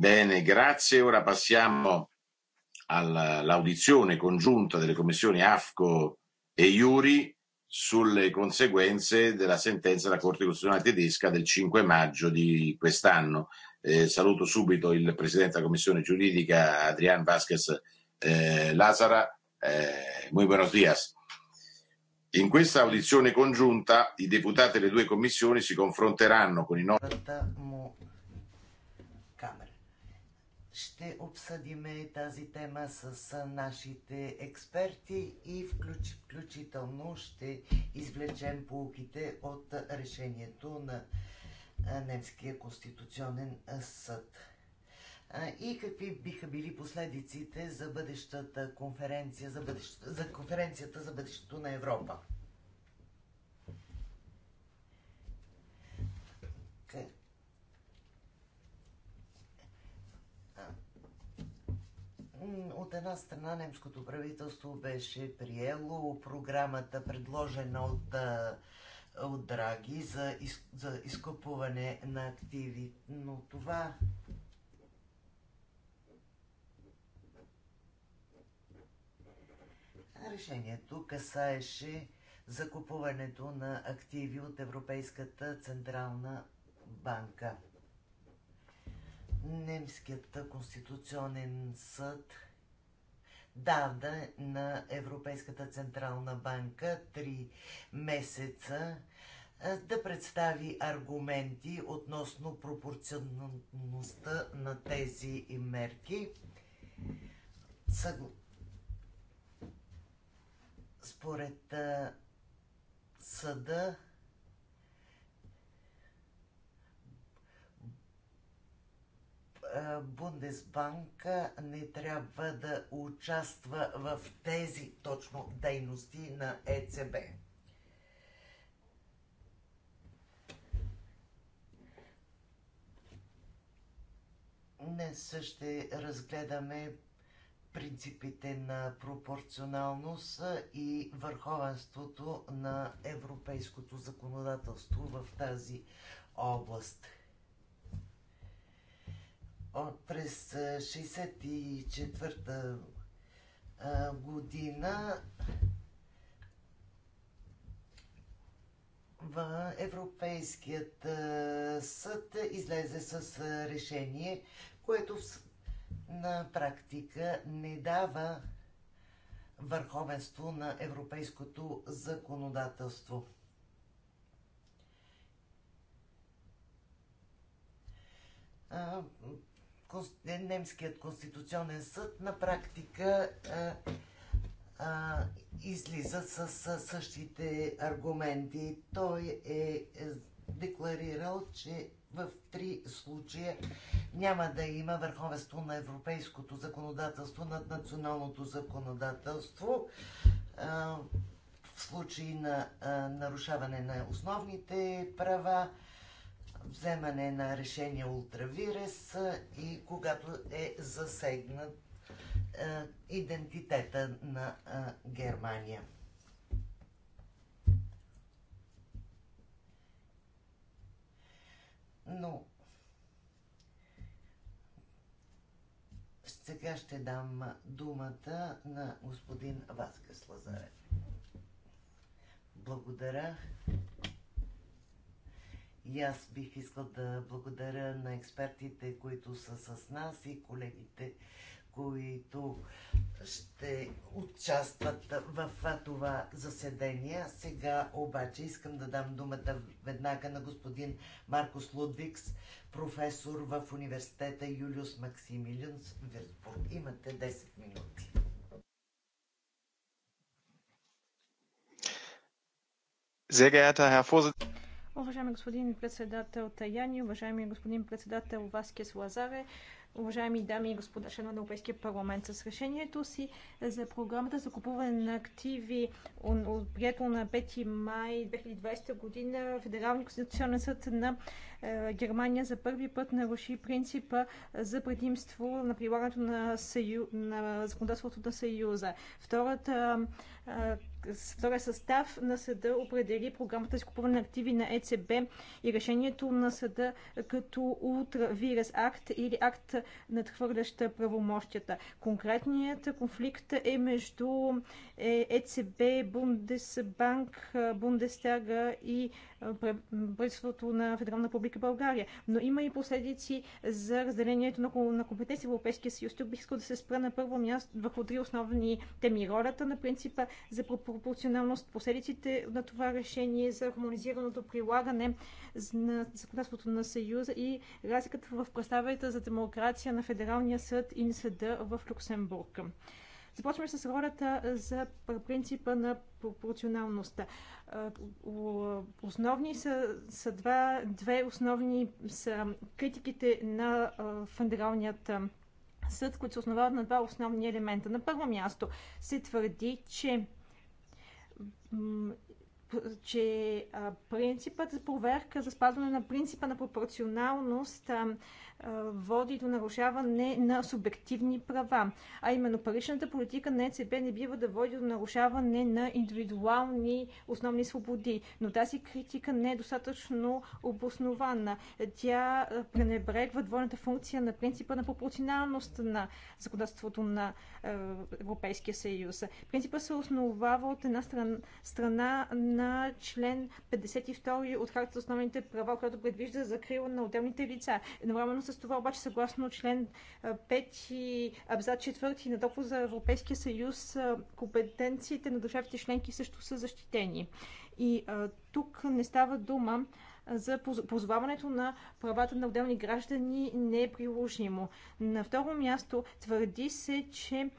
Bene, grazie. Ora passiamo all'audizione congiunta delle commissioni AFCO e Iuri sulle conseguenze della sentenza della Corte Costituzionale tedesca del 5 maggio di quest'anno. Eh, saluto subito il Presidente della Commissione Giuridica, Adrian Vasquez eh, Lazara. Eh, muy buenos días. In questa audizione congiunta i deputati delle due commissioni si confronteranno con i nostri ще обсъдиме тази тема с нашите експерти и включ, включително ще извлечем полуките от решението на Немския конституционен съд. И какви биха били последиците за бъдещата конференция, за, бъдещ, за конференцията за бъдещето на Европа? от една страна немското правителство беше приело програмата, предложена от, от Драги за, из, за изкупуване на активи, но това решението касаеше закупуването на активи от Европейската централна банка. Немският конституционен съд дава на Европейската централна банка три месеца да представи аргументи относно пропорционалността на тези мерки. Според съда Е, Бундесбанка не трябва да участва в тези точно дейности на ЕЦБ. Днес ще разгледаме принципите на пропорционалност и върховенството на европейското законодателство в тази област през 64-та година в Европейският съд излезе с решение, което на практика не дава върховенство на европейското законодателство. Е, немският конституционен съд на практика а, а, излиза с, а, същите аргументи. Той е, е декларирал, че в три случая няма да има върховенство на европейското законодателство над националното законодателство в случаи на нарушаване на основните права вземане на решение ултравирес и когато е засегнат идентитета на Германия. Но сега ще дам думата на господин Васкес Лазарев. Благодаря. И аз бих искал да благодаря на експертите, които са с нас и колегите, които ще участват в това заседание. Сега обаче искам да дам думата веднага на господин Маркос Лудвикс, професор в университета Юлиус Максимилиан в Вирсбург. Имате 10 минути. Sehr geehrter Herr Vorsitzender, Уважаеми господин председател Таяни, уважаеми господин председател Васкес Лазаре, уважаеми дами и господа членове на Европейския парламент, с решението си за програмата за купуване на активи, прието на 5 май 2020 година, Федералния конституционен съд на е, Германия за първи път наруши принципа за предимство на прилагането на, съю... на законодателството на Съюза. Втората е, втория състав на съда определи програмата за купуване на активи на ЕЦБ и решението на съда като ултравирес акт или акт надхвърляща правомощията. Конкретният конфликт е между ЕЦБ, е Бундесбанк, Бундестага и правителството на Федерална република България. Но има и последици за разделението на, на компетенции в Европейския съюз. Тук бих искал да се спра на първо място върху три основни теми. Ролята на принципа за пропорционалност, последиците на това решение за хармонизираното прилагане на законодателството на Съюза и разликата в представите за демокрация на Федералния съд и съда в Люксембург. Започваме с ролята за принципа на пропорционалността. Основни са, са два, две основни са критиките на федералният съд, които се основават на два основни елемента. На първо място се твърди, че че принципът за проверка за спазване на принципа на пропорционалност води до нарушаване на субективни права. А именно паричната политика на ЕЦБ не бива да води до нарушаване на индивидуални основни свободи. Но тази критика не е достатъчно обоснована. Тя пренебрегва двойната функция на принципа на пропорционалност на законодателството на Европейския съюз. Принципа се основава от една страна, страна на член 52 от Харта за основните права, която предвижда закрила на отделните лица. Едновременно с с това обаче, съгласно член 5, абзац 4 на договор за Европейския съюз, компетенциите на държавите членки също са защитени. И а, тук не става дума за позоваването на правата на отделни граждани не е приложимо. На второ място твърди се, че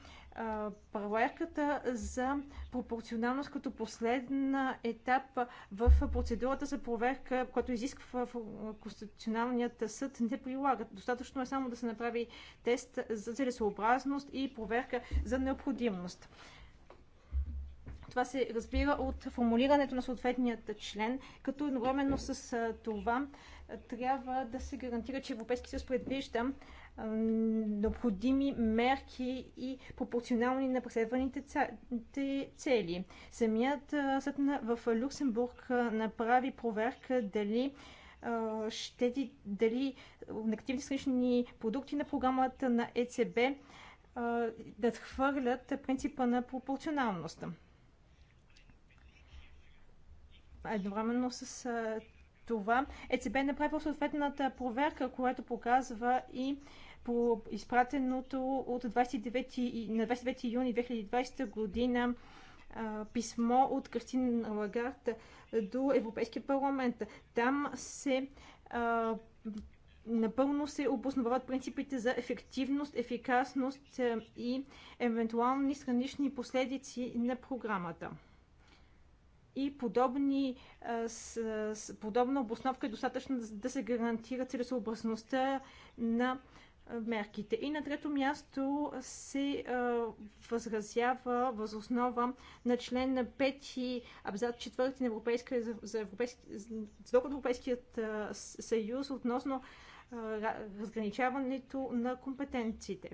проверката за пропорционалност като последна етап в процедурата за проверка, която изисква Конституционалният съд, не прилагат. Достатъчно е само да се направи тест за целесообразност и проверка за необходимост. Това се разбира от формулирането на съответният член, като едновременно с това трябва да се гарантира, че Европейски съюз предвижда необходими мерки и пропорционални на преследваните цели. Самият съд в Люксембург направи проверка дали ще дали негативни странични продукти на програмата на ЕЦБ да хвърлят принципа на пропорционалността. Едновременно с това ЕЦБ е направил съответната проверка, която показва и по изпратеното от 29, на 29 юни 2020 година писмо от Кристин Лагард до Европейския парламент. Там се а, напълно се обосновават принципите за ефективност, ефикасност и евентуални странични последици на програмата и подобни, с, подобна обосновка е достатъчно да, да се гарантира целесообразността на мерките. И на трето място се възразява възоснова на член на 5 абзац 4 на Европейска, за, европейски, за Европейският съюз относно разграничаването на компетенциите.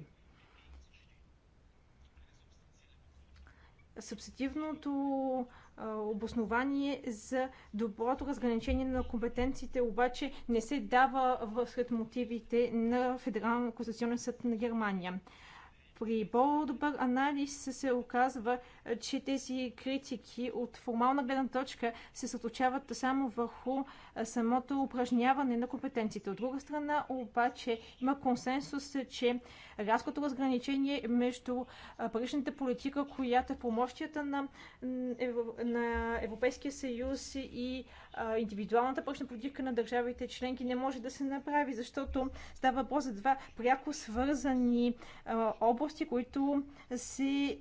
субсидивното обоснование за доброто разграничение на компетенциите обаче не се дава в сред мотивите на Федерално конституционен съд на Германия. При по-добър анализ се оказва, е, че тези критики от формална гледна точка се съточават само върху е, самото упражняване на компетенциите. От друга страна, обаче, има консенсус, е, че рязкото разграничение между паричната политика, която е помощията на, на Европейския съюз и индивидуалната прочна политика на държавите членки не може да се направи, защото става въпрос за два пряко свързани области, които, се,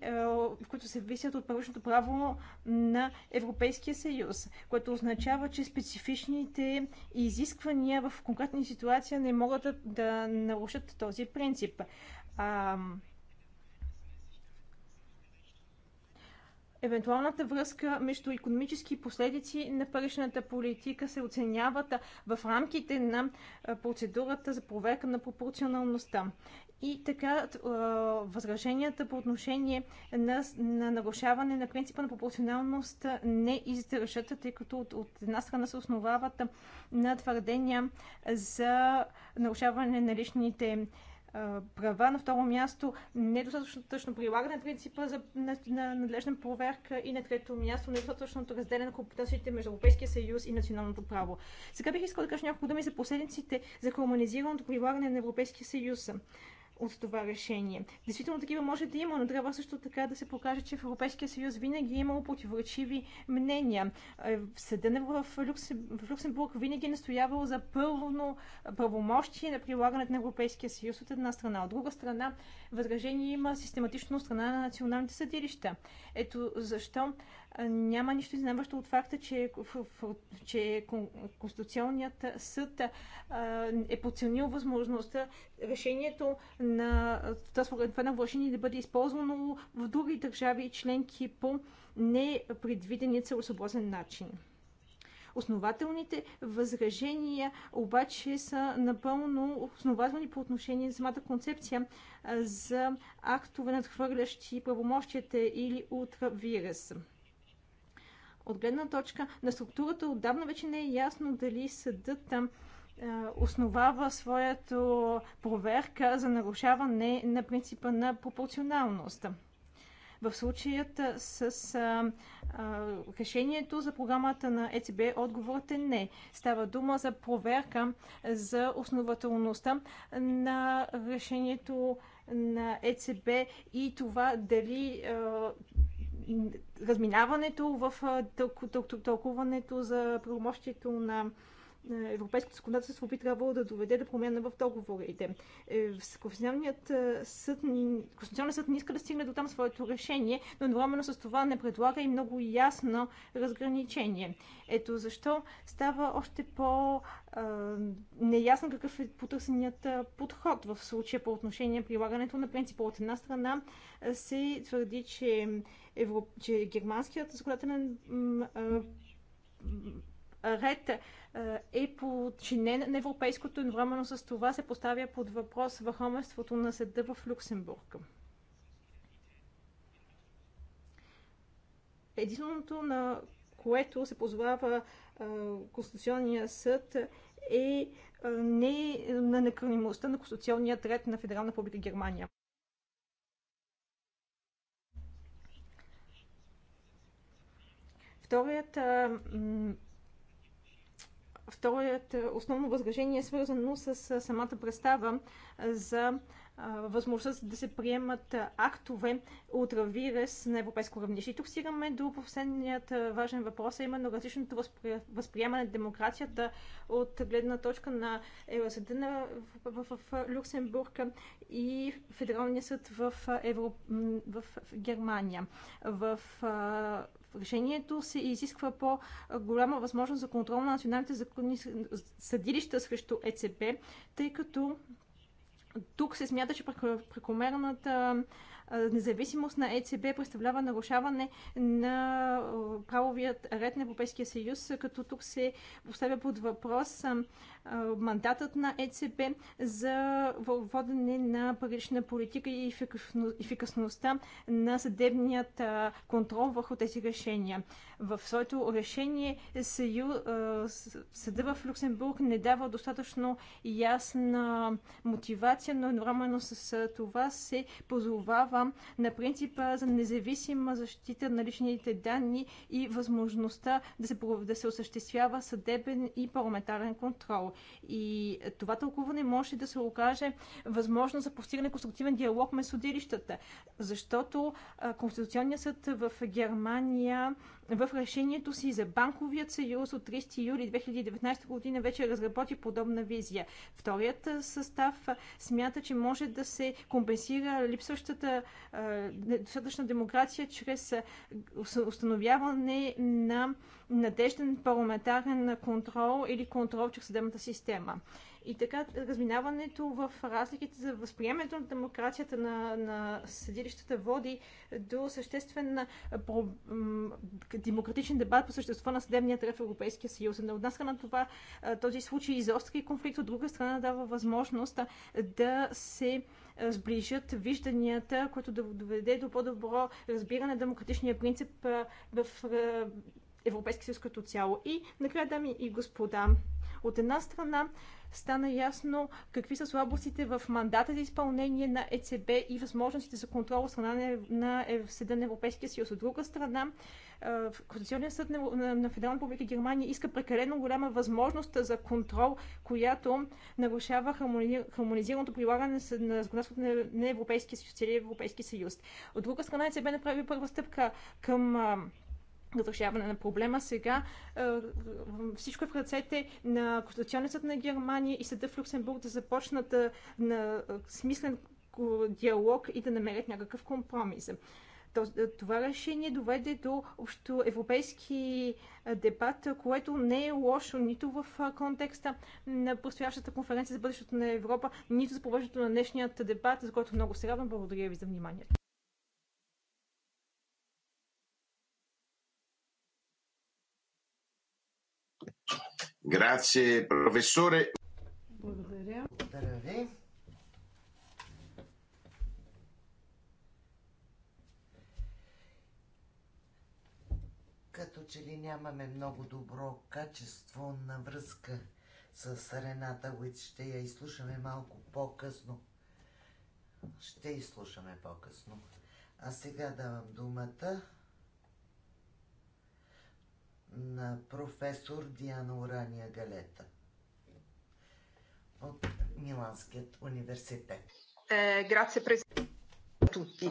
които се висят от първичното право на Европейския съюз, което означава, че специфичните изисквания в конкретна ситуация не могат да, да нарушат този принцип. А, евентуалната връзка между економически последици на паричната политика се оценяват в рамките на процедурата за проверка на пропорционалността. И така възраженията по отношение на, на нарушаване на принципа на пропорционалност не издържат, тъй като от, от една страна се основават на твърдения за нарушаване на личните права. На второ място, недостатъчно прилагане на принципа за надлежна проверка и на трето място, недостатъчното разделяне на компетенциите между Европейския съюз и националното право. Сега бих искал да кажа няколко думи за последниците за хармонизираното прилагане на Европейския съюз от това решение. Действително такива може да има, но трябва също така да се покаже, че в Европейския съюз винаги е имало противоречиви мнения. Е, Съдът в, в Люксембург винаги е настоявал за пълно правомощие на прилагането на Европейския съюз от една страна. От друга страна, възражение има систематично страна на националните съдилища. Ето защо няма нищо изненаващо от факта, че, че Конституционният съд е подценил възможността решението на това на Влашини да бъде използвано в други държави и членки по непредвидени целесообразен начин. Основателните възражения обаче са напълно основателни по отношение на самата концепция за актове надхвърлящи правомощията или ултравирус. вирус. От гледна точка на структурата отдавна вече не е ясно дали съдът там основава своята проверка за нарушаване на принципа на пропорционалност. В случаят с а, а, решението за програмата на ЕЦБ отговорът е не. Става дума за проверка за основателността на решението на ЕЦБ и това дали а, разминаването в тълкуването за правомощието на европейското законодателство би трябвало да доведе до да промяна в договорите. Е, Конституционният е, съд, Конституционният съд не иска да стигне до там своето решение, но едновременно с това не предлага и много ясно разграничение. Ето защо става още по- е, неясно какъв е потърсеният подход в случая по отношение на прилагането на принципа. От една страна се твърди, че, Европ... че германският законодателен ред е, е подчинен на европейското, едновременно с това се поставя под въпрос върховенството на съда в Люксембург. Единственото, на което се позовава е, Конституционния съд е, е не на накърнимостта на Конституционния ред на Федерална република Германия. Вторият Вторият е, основно възражение е свързано с самата представа е, за е, възможност да се приемат актове от Равирес на европейско равнище. И тук стигаме до последният важен въпрос, а именно различното възпри... възприемане на демокрацията от гледна точка на ЕОСД на... в, в, в Люксембург и Федералния съд в, Евро... в Германия. В решението се изисква по-голяма възможност за контрол на националните законни съдилища срещу ЕЦП, тъй като тук се смята, че прекомерната независимост на ЕЦБ представлява нарушаване на правовият ред на Европейския съюз, като тук се поставя под въпрос мандатът на ЕЦБ за водене на парична политика и ефикасността на съдебният контрол върху тези решения. В своето решение съю, съда в Люксембург не дава достатъчно ясна мотивация, но едновременно с това се позовава на принципа за независима защита на личните данни и възможността да се, да се осъществява съдебен и парламентарен контрол. И това тълкуване може да се окаже възможно за постигане конструктивен диалог между съдилищата, защото Конституционният съд в Германия в решението си за банковият съюз от 30 юли 2019 година вече разработи подобна визия. Вторият състав смята, че може да се компенсира липсващата достатъчна демокрация чрез установяване на надежден парламентарен контрол или контрол чрез съдебната система. И така, разминаването в разликите за възприемането на демокрацията на, на съдилищата води до съществен про, демократичен дебат по същество на съдебния ред в Европейския съюз. От една страна това, този случай изостри конфликт, от друга страна дава възможност да се сближат вижданията, което да доведе до по-добро разбиране на демократичния принцип в Европейския съюз като цяло. И накрая, дами и господа, от една страна стана ясно какви са слабостите в мандата за изпълнение на ЕЦБ и възможностите за контрол от страна на Съда на Европейския съюз. От друга страна, е, Конституционният съд на Федерална република Германия иска прекалено голяма възможност за контрол, която нарушава хармонизираното прилагане на законодателството на Европейския съюз, Европейски съюз. От друга страна, ЕЦБ направи първа стъпка към разрешаване на проблема. Сега е, всичко е в ръцете на Конституционния съд на Германия и съда в Люксембург да започнат е, на е, смислен диалог и да намерят някакъв компромис. Това решение доведе до общо европейски дебат, което не е лошо нито в контекста на предстоящата конференция за бъдещето на Европа, нито за провеждането на днешният дебат, за който много се радвам. Благодаря ви за вниманието. Grazie професоре. Благодаря. Благодаря ви. Като че ли нямаме много добро качество на връзка с Рената Уит, ще я изслушаме малко по-късно. Ще изслушаме по-късно. А сега давам думата на професор Диана Урания Галета от Миланският университет. Е, грация през тути.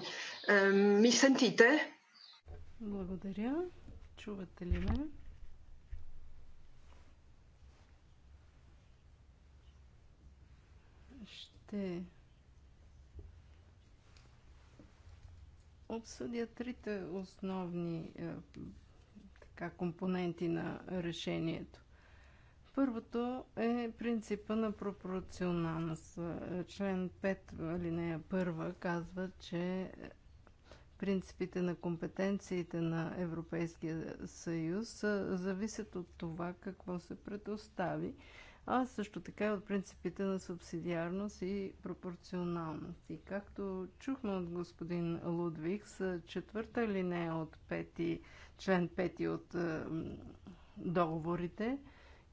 Е, ми сентите? Благодаря. Чувате ли ме? Ще обсъдя трите основни е, така, компоненти на решението. Първото е принципа на пропорционалност. Член 5, алинея 1 казва, че принципите на компетенциите на Европейския съюз зависят от това какво се предостави, а също така и от принципите на субсидиарност и пропорционалност. И както чухме от господин с четвърта линия от пети, член 5 от договорите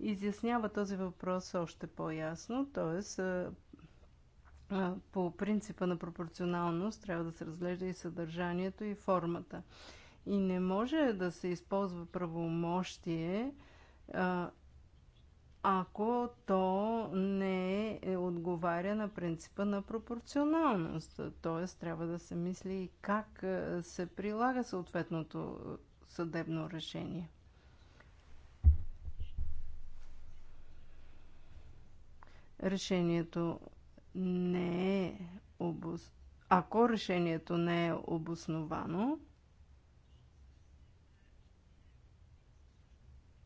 изяснява този въпрос още по-ясно, т.е по принципа на пропорционалност трябва да се разглежда и съдържанието и формата. И не може да се използва правомощие, ако то не е, е отговаря на принципа на пропорционалност. Т.е. трябва да се мисли и как е, се прилага съответното е, съдебно решение. Решението не е обос... ако решението не е обосновано,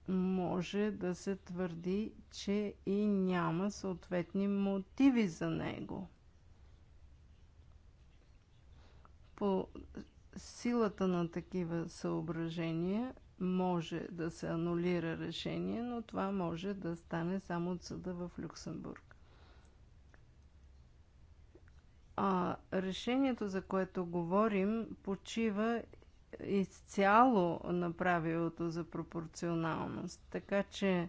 може да се твърди, че и няма съответни мотиви за него. По силата на такива съображения може да се анулира решение, но това може да стане само от съда в Люксембург. А решението, за което говорим, почива изцяло на правилото за пропорционалност. Така че,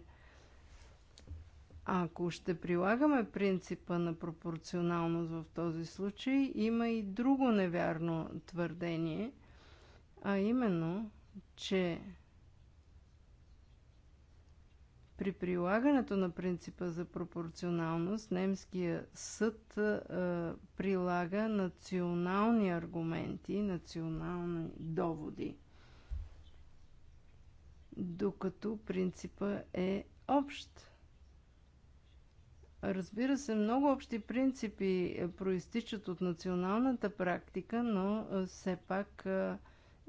ако ще прилагаме принципа на пропорционалност в този случай, има и друго невярно твърдение, а именно, че при прилагането на принципа за пропорционалност, немския съд прилага национални аргументи, национални доводи, докато принципа е общ. Разбира се, много общи принципи е, проистичат от националната практика, но все пак. А,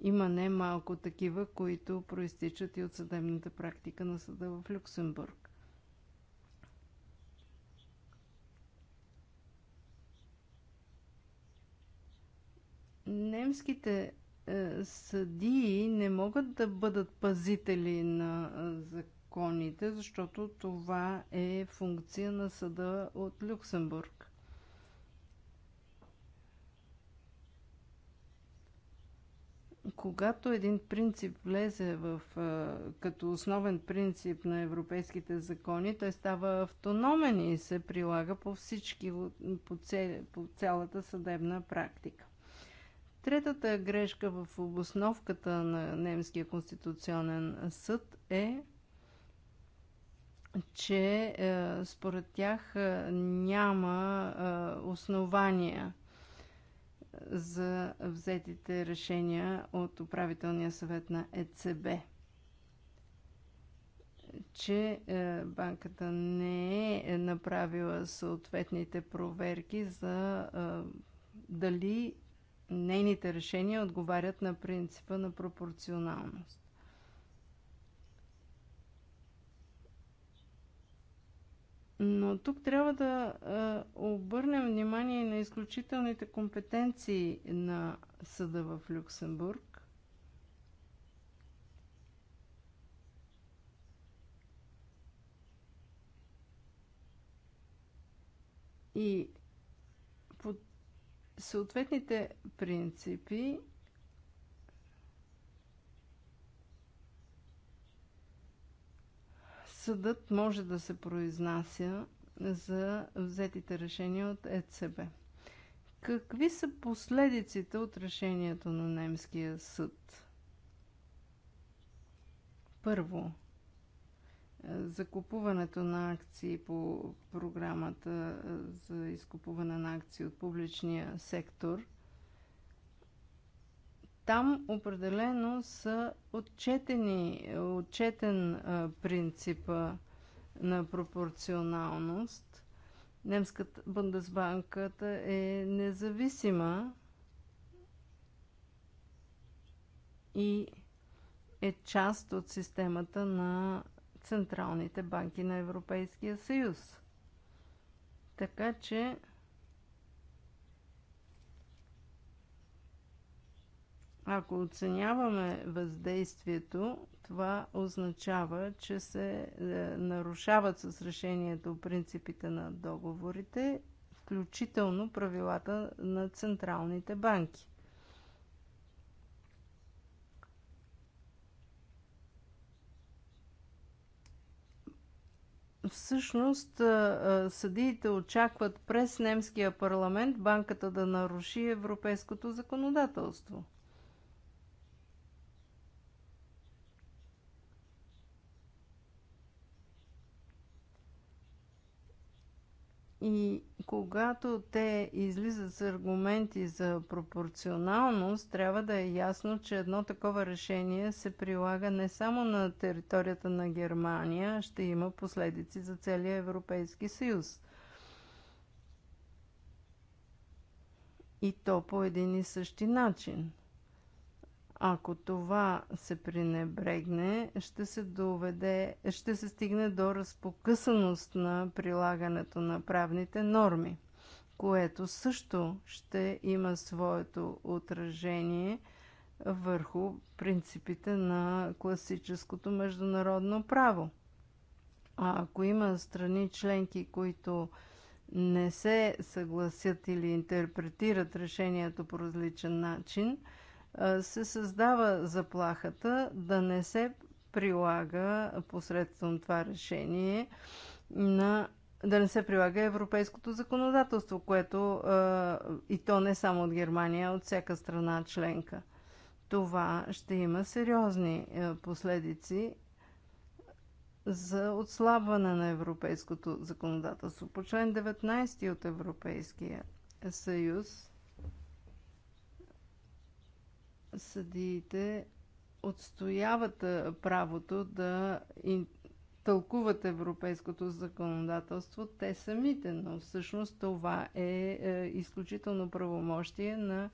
има немалко такива, които проистичат и от съдебната практика на съда в Люксембург. Немските е, съдии не могат да бъдат пазители на е, законите, защото това е функция на съда от Люксембург. Когато един принцип влезе в, като основен принцип на европейските закони, той става автономен и се прилага по всички, по, цел, по цялата съдебна практика. Третата грешка в обосновката на Немския конституционен съд е, че е, според тях няма е, основания за взетите решения от управителния съвет на ЕЦБ. Че е, банката не е направила съответните проверки за е, дали нейните решения отговарят на принципа на пропорционалност. Но тук трябва да а, обърнем внимание на изключителните компетенции на съда в Люксембург. И по съответните принципи съдът може да се произнася за взетите решения от ЕЦБ. Какви са последиците от решението на немския съд? Първо, закупуването на акции по програмата за изкупуване на акции от публичния сектор – там определено са отчетени, отчетен принципа на пропорционалност. Немската Бундесбанката е независима и е част от системата на централните банки на Европейския съюз. Така че Ако оценяваме въздействието, това означава, че се е, нарушават с решението принципите на договорите, включително правилата на централните банки. Всъщност, е, е, съдиите очакват през немския парламент банката да наруши европейското законодателство – И когато те излизат с аргументи за пропорционалност, трябва да е ясно, че едно такова решение се прилага не само на територията на Германия, а ще има последици за целия Европейски съюз. И то по един и същи начин. Ако това се пренебрегне, ще се, доведе, ще се стигне до разпокъсаност на прилагането на правните норми, което също ще има своето отражение върху принципите на класическото международно право. А ако има страни членки, които не се съгласят или интерпретират решението по различен начин – се създава заплахата да не се прилага посредством това решение на да не се прилага европейското законодателство, което и то не само от Германия, а от всяка страна членка. Това ще има сериозни последици за отслабване на европейското законодателство. По член 19 от Европейския съюз съдиите отстояват правото да тълкуват европейското законодателство те самите, но всъщност това е, е, изключително правомощие на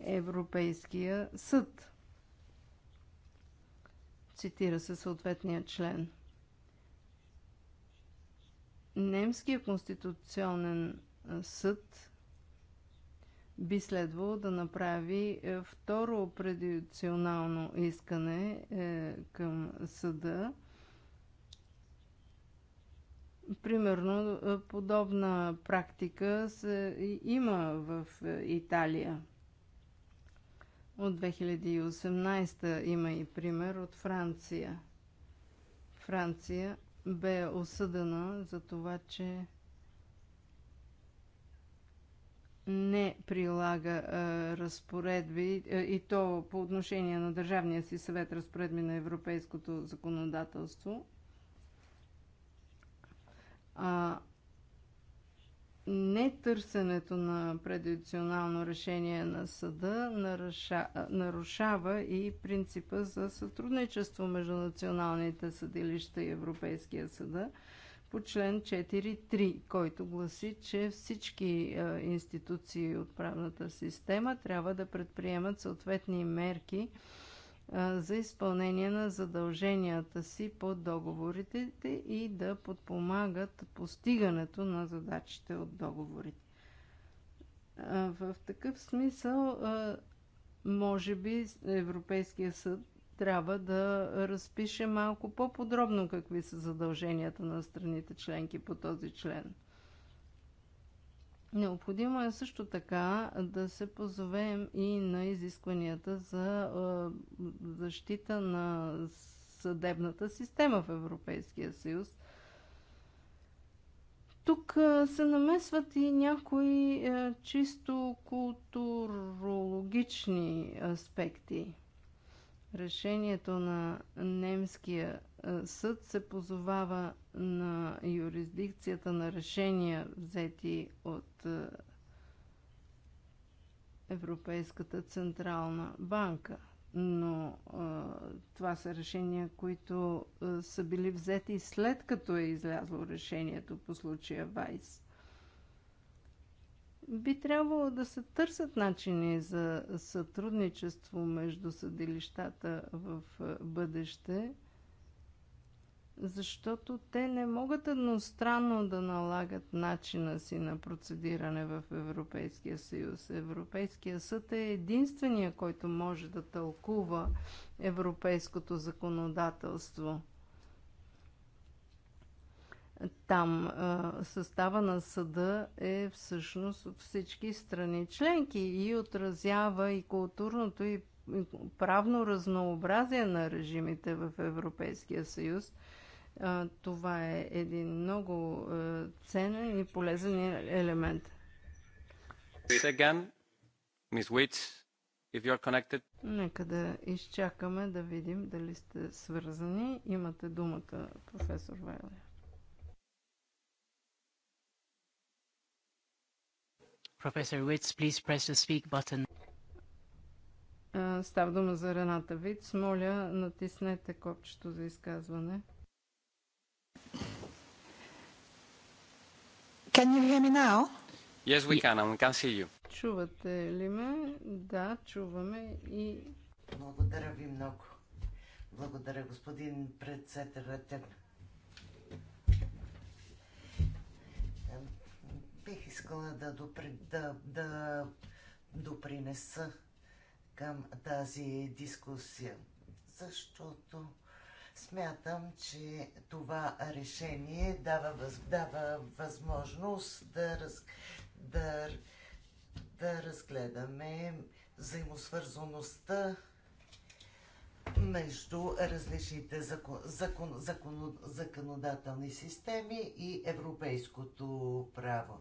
Европейския съд. Цитира се съответния член. Немския конституционен съд би следвало да направи е, второ предиционално искане е, към съда. Примерно, е, подобна практика се, има в Италия. От 2018 има и пример от Франция. Франция бе осъдена за това, че не прилага а, разпоредби а, и то по отношение на Държавния си съвет разпоредби на европейското законодателство. А, не търсенето на предиционално решение на съда наруша, нарушава и принципа за сътрудничество между националните съдилища и Европейския съда, по член 4.3, който гласи, че всички е, институции от правната система трябва да предприемат съответни мерки е, за изпълнение на задълженията си по договорите и да подпомагат постигането на задачите от договорите. Е, в такъв смисъл, може би Европейския съд трябва да разпише малко по-подробно какви са задълженията на страните членки по този член. Необходимо е също така да се позовем и на изискванията за защита на съдебната система в Европейския съюз. Тук се намесват и някои чисто културологични аспекти. Решението на немския е, съд се позовава на юрисдикцията на решения, взети от е, Европейската централна банка. Но а, е, това са решения, които а, са били взети след като е излязло решението по случая Вайс. Би трябвало да се търсят начини за сътрудничество между съдилищата в е, бъдеще, защото те не могат едностранно да налагат начина си на процедиране в Европейския съюз. Европейския съд е единствения, който може да тълкува европейското законодателство – там състава на съда е всъщност от всички страни членки и отразява и културното и правно разнообразие на режимите в Европейския съюз. Това е един много ценен и полезен елемент. connected. Нека да изчакаме да видим дали сте свързани. Имате думата, професор Вайлер. Професор Виц, please press the speak button. Става дума за Рената Виц. Моля, натиснете копчето за изказване. Can you hear me now? Yes, we can, and we can see you. Чувате ли ме? Да, чуваме и... Благодаря ви много. Благодаря, господин председател. Бих искала да, допри, да, да допринеса към тази дискусия, защото смятам, че това решение дава, въз, дава възможност да, раз, да, да разгледаме взаимосвързаността между различните закон, закон, закон, законодателни системи и европейското право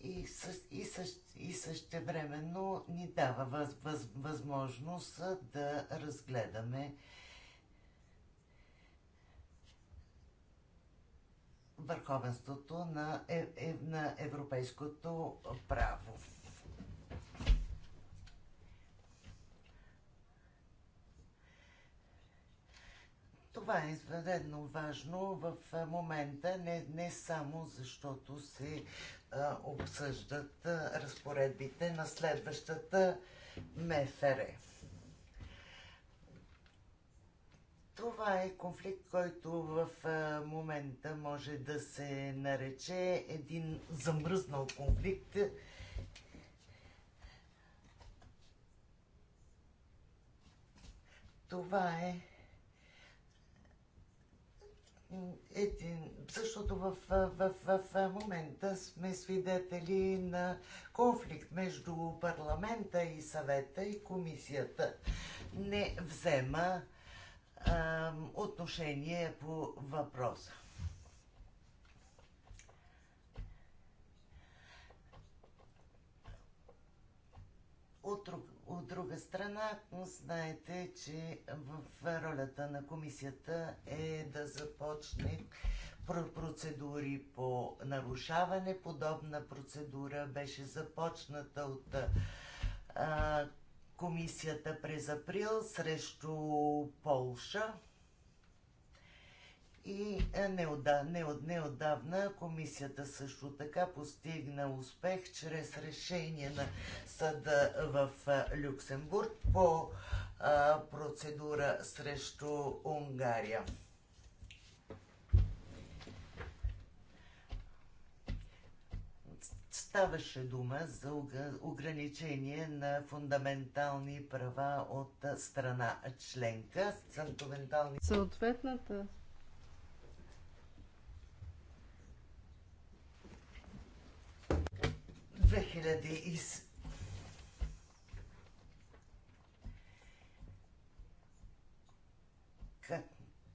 и, със, и, същ, и същевременно ни дава въз, въз, възможност да разгледаме върховенството на, е, е, на европейското право. Това е изведено важно в момента не, не само защото се обсъждат разпоредбите на следващата МФР. Това е конфликт, който в момента може да се нарече един замръзнал конфликт. Това е един, защото в, в, в, в момента сме свидетели на конфликт между парламента и съвета и комисията не взема а, отношение по въпроса. От, от друга страна, знаете, че в ролята на комисията е да започне процедури по нарушаване. Подобна процедура беше започната от комисията през април срещу Полша. И е, неодавна комисията също така постигна успех чрез решение на съда в е, Люксембург по е, процедура срещу Унгария. Ставаше дума за ограничение на фундаментални права от страна членка. Съответната 2000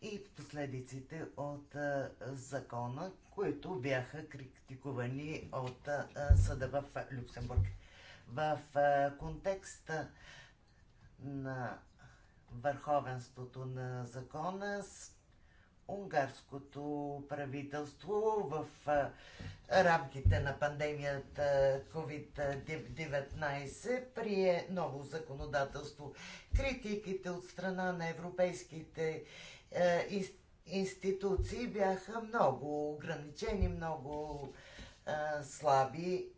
и последиците от а, закона, които бяха критикувани от а, съда в Люксембург. В а, контекста на върховенството на закона унгарското правителство в рамките на пандемията COVID-19 прие ново законодателство. Критиките от страна на европейските институции бяха много ограничени, много слаби.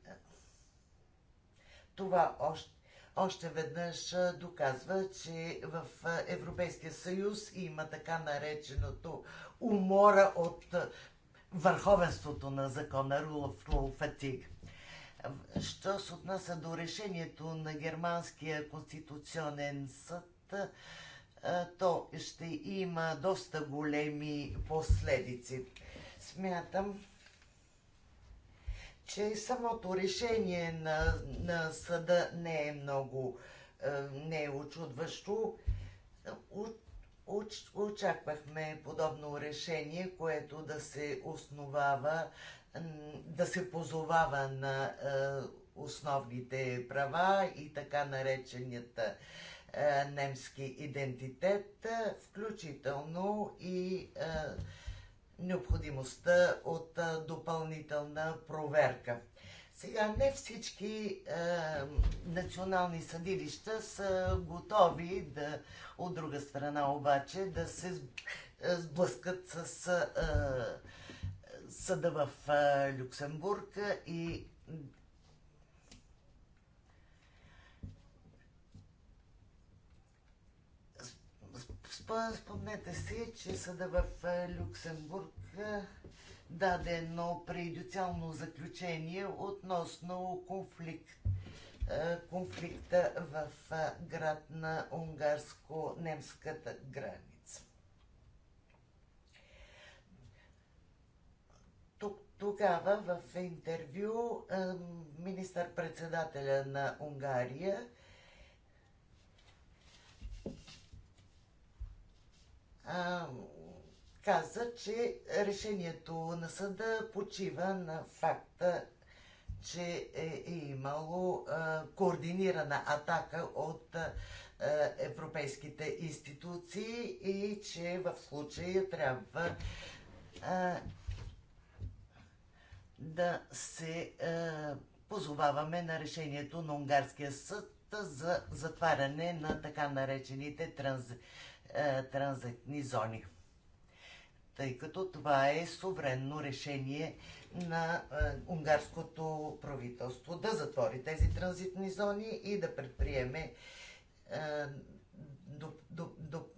Това още още веднъж доказва, че в Европейския съюз има така нареченото умора от върховенството на закона Rule Фатиг. Що се отнася до решението на Германския конституционен съд, то ще има доста големи последици. Смятам, че самото решение на, на съда не е много е, не е очудващо. Очаквахме подобно решение, което да се основава, да се позовава на е, основните права и така нареченията е, немски идентитет, включително и необходимостта от допълнителна проверка. Сега не всички е, национални съдилища са готови да, от друга страна обаче, да се сблъскат с е, съда в е, Люксембург и Спомнете си, че съда в е, Люксембург е, даде едно преюдициално заключение относно конфликт, е, конфликта в град на унгарско-немската граница. Тогава в интервю министър-председателя на Унгария каза, че решението на съда почива на факта, че е, е имало координирана атака от европейските институции и че в случая трябва да се позоваваме на решението на Унгарския съд за затваряне на така наречените транзитни е, транзитни зони. Тъй като това е суверенно решение на е, унгарското правителство да затвори тези транзитни зони и да предприеме е,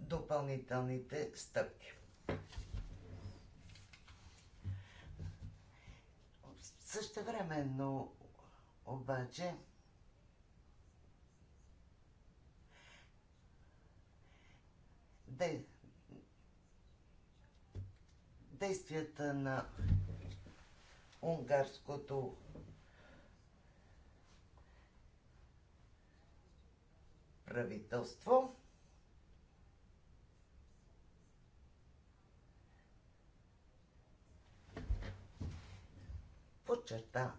допълнителните стъпки. Също Същевременно обаче де, действията на унгарското правителство. Почерта.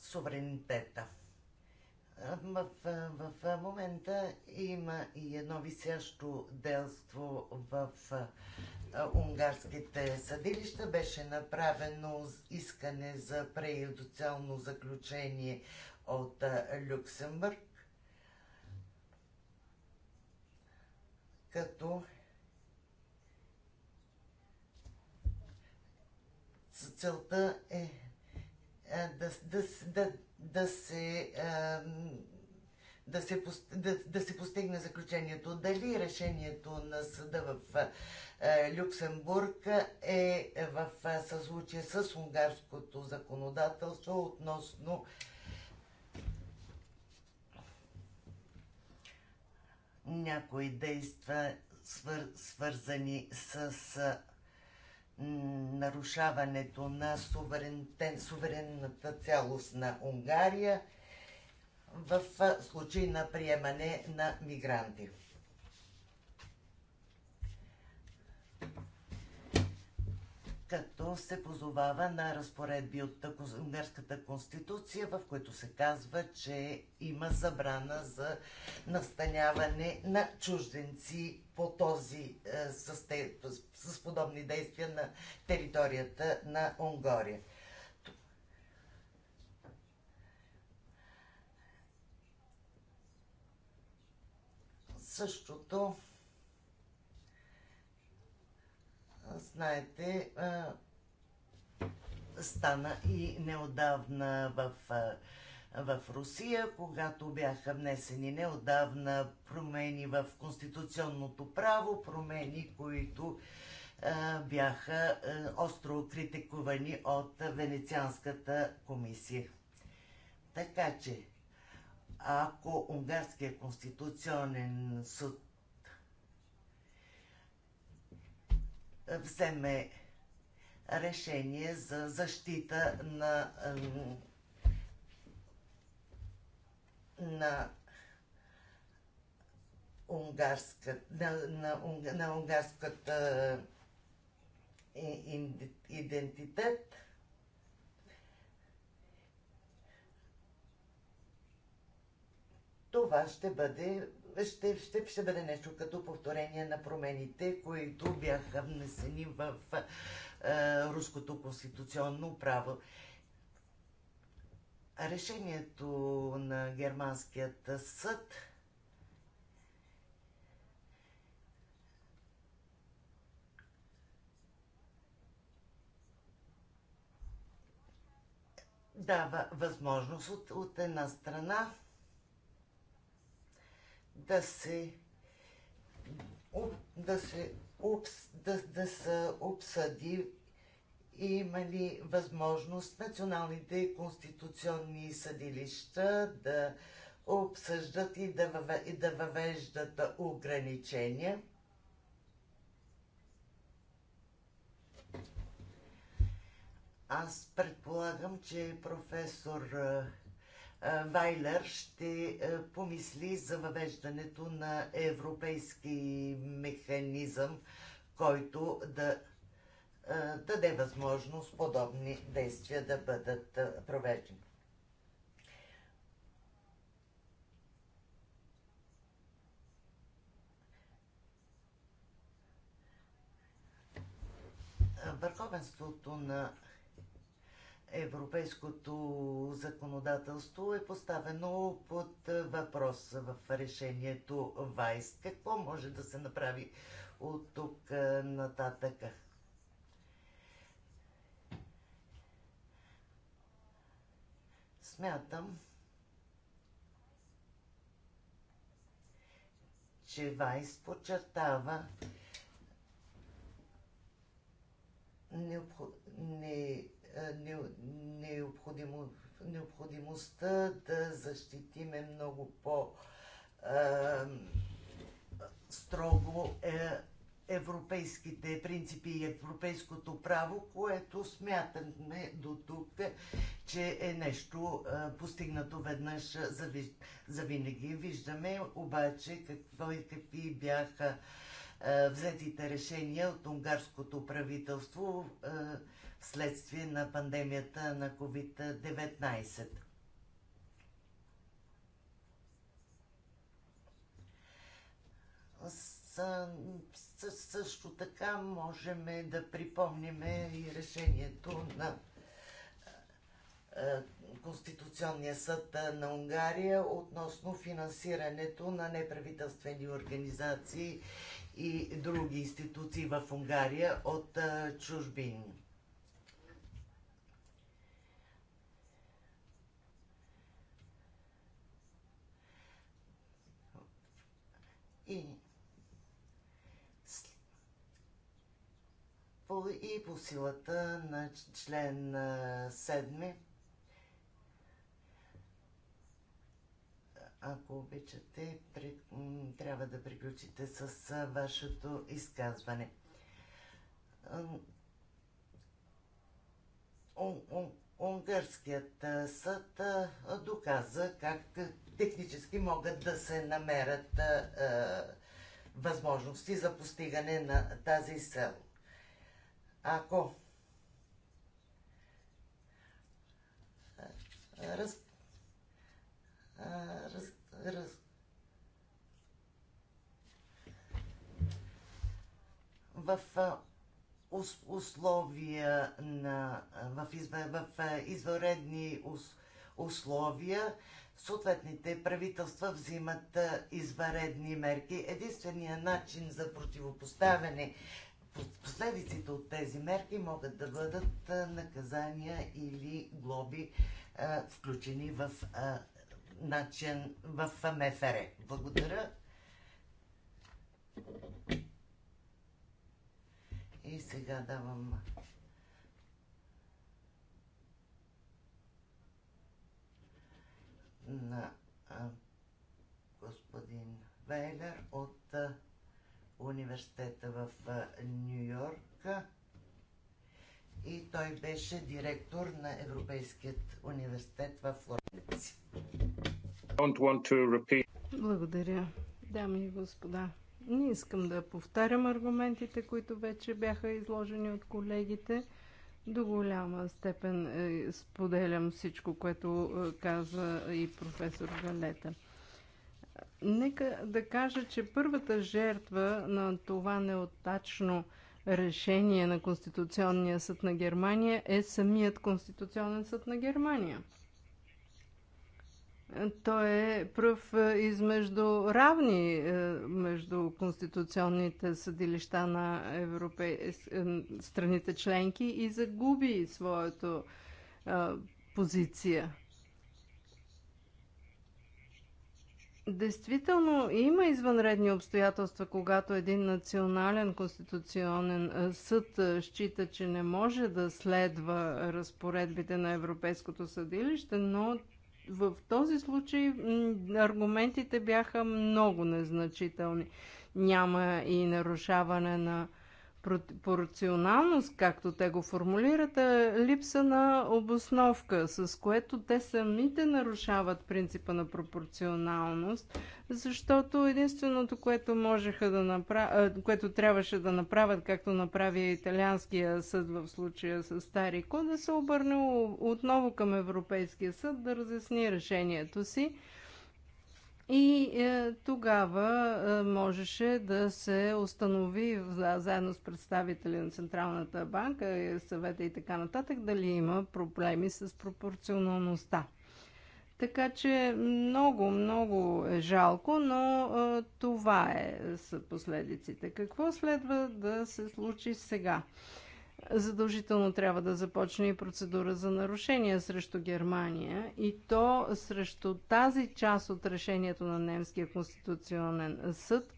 суверенитета. В, в, в момента има и едно висящо делство в унгарските съдилища. Беше направено искане за преюдициално заключение от Люксембург. Като целта е, е да, да, да да се да се, да, да се постигне заключението дали решението на съда в е, Люксембург е в съзвучие с унгарското законодателство относно някои действа, свързани с нарушаването на суверенната цялост на Унгария в случай на приемане на мигранти. като се позовава на разпоредби от Унгарската конституция, в които се казва, че има забрана за настаняване на чужденци по този, е, с, с подобни действия на територията на Унгария. Същото знаете, стана и неодавна в, в Русия, когато бяха внесени неодавна промени в конституционното право, промени, които бяха остро критикувани от Венецианската комисия. Така че, ако Унгарския конституционен съд вземе решение за защита на, на унгарска, на, на, на унгарската е, идентитет. Това ще бъде ще, ще, ще бъде нещо като повторение на промените, които бяха внесени в а, руското конституционно право. Решението на германският съд дава възможност от, от една страна да се да се да, да се обсъди има ли възможност националните конституционни съдилища да обсъждат и да, въве, и да въвеждат ограничения. Аз предполагам, че професор е, Вайлер ще е, помисли за въвеждането на европейски механизъм, който да е, даде възможност подобни действия да бъдат проведени. Върховенството на европейското законодателство е поставено под въпрос в решението ВАЙС. Какво може да се направи от тук е, нататък? Смятам, че Вайс подчертава необходимост е, необходимо, необходимостта да защитиме много по- е, строго е, европейските принципи и европейското право, което смятаме до тук, че е нещо постигнато веднъж за винаги. Виждаме обаче какво и какви бяха взетите решения от унгарското правителство вследствие на пандемията на COVID-19. Също така можем да припомним и решението на е, Конституционния съд е, на Унгария относно финансирането на неправителствени организации и други институции в Унгария от е, чужбини. И и по силата на член 7 Ако обичате, трябва да приключите с вашето изказване. Унгарският съд доказа как технически могат да се намерят възможности за постигане на тази сел. Ако раз, раз, раз, в условия на, в, в извънредни условия съответните правителства взимат извънредни мерки. Единственият начин за противопоставяне последиците от тези мерки могат да бъдат наказания или глоби включени в начин в МФР. Благодаря. И сега давам на господин Вейлер от университета в Нью-Йорк и той беше директор на Европейският университет в Флоренци. Благодаря, дами и господа. Не искам да повтарям аргументите, които вече бяха изложени от колегите. До голяма степен е, споделям всичко, което е, каза и професор Галета. Нека да кажа, че първата жертва на това неотачно решение на Конституционния съд на Германия е самият Конституционен съд на Германия. Той е пръв е, измежду равни е, между конституционните съдилища на европейс... Е, страните членки и загуби своето позиция. Действително има извънредни обстоятелства, когато един национален конституционен съд счита, че не може да следва разпоредбите на Европейското съдилище, но в този случай аргументите бяха много незначителни. Няма и нарушаване на пропорционалност, както те го формулират, е липса на обосновка, с което те самите нарушават принципа на пропорционалност, защото единственото, което можеха да направят, е, което трябваше да направят, както направи италианския съд в случая с Старико, да се обърне отново към Европейския съд да разясни решението си и е, тогава е, можеше да се установи заедно с представители на Централната банка, и е, съвета и така нататък, дали има проблеми с пропорционалността. Така че много, много е жалко, но е, това е са последиците. Какво следва да се случи сега? задължително трябва да започне и процедура за нарушение срещу Германия и то срещу тази част от решението на Немския конституционен съд,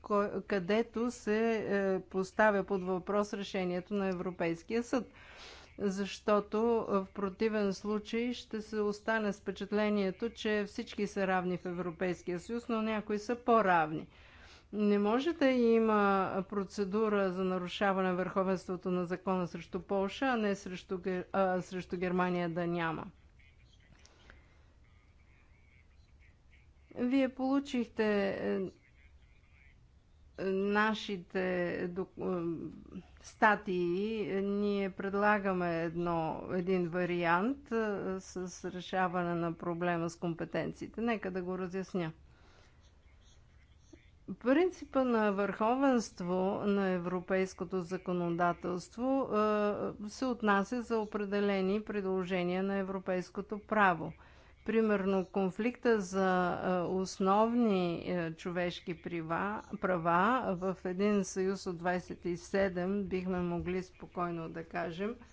където се е, поставя под въпрос решението на Европейския съд. Защото е, в противен случай ще се остане с впечатлението, че всички са равни в Европейския съюз, но някои са по-равни. Не може да има процедура за нарушаване на върховенството на закона срещу Полша, а не срещу, а, срещу Германия да няма. Вие получихте е, нашите е, статии. Ние предлагаме едно, един вариант е, с решаване на проблема с компетенциите. Нека да го разясня. Принципа на върховенство на европейското законодателство се отнася за определени предложения на европейското право. Примерно конфликта за основни човешки права в един съюз от 27 бихме могли спокойно да кажем –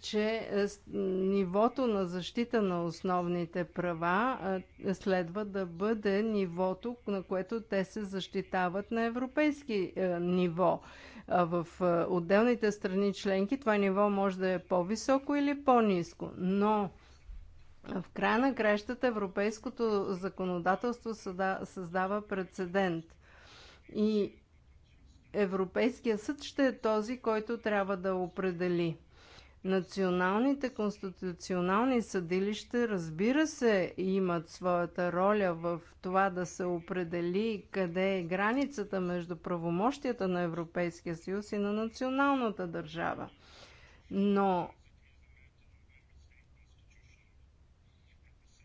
че е, нивото на защита на основните права е, следва да бъде нивото, на което те се защитават на европейски е, ниво. В отделните страни членки това ниво може да е по-високо или по-низко, но в края на кращата европейското законодателство създава прецедент. И Европейския съд ще е този, който трябва да определи Националните конституционални съдилища, разбира се, имат своята роля в това да се определи къде е границата между правомощията на Европейския съюз и на националната държава. Но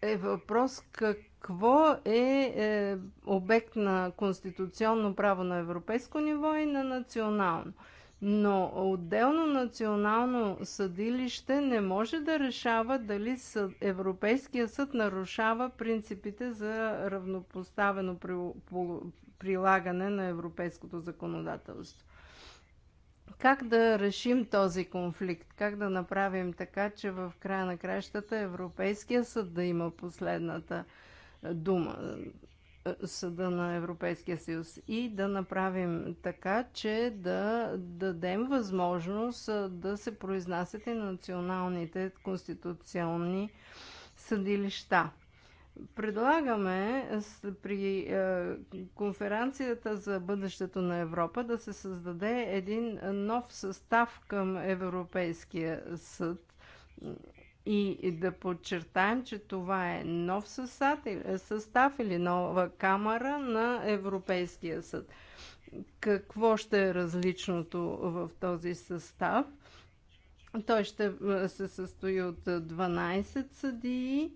е въпрос какво е, е обект на конституционно право на европейско ниво и на национално но отделно национално съдилище не може да решава дали съд, Европейския съд нарушава принципите за равнопоставено прилагане на европейското законодателство. Как да решим този конфликт? Как да направим така, че в края на кращата Европейския съд да има последната дума? Съда на Европейския съюз и да направим така, че да дадем възможност да се произнасят и националните конституционни съдилища. Предлагаме при конференцията за бъдещето на Европа да се създаде един нов състав към Европейския съд и да подчертаем, че това е нов е, състав или нова камера на Европейския съд. Какво ще е различното в този състав? Той ще е, се състои от 12 съдии,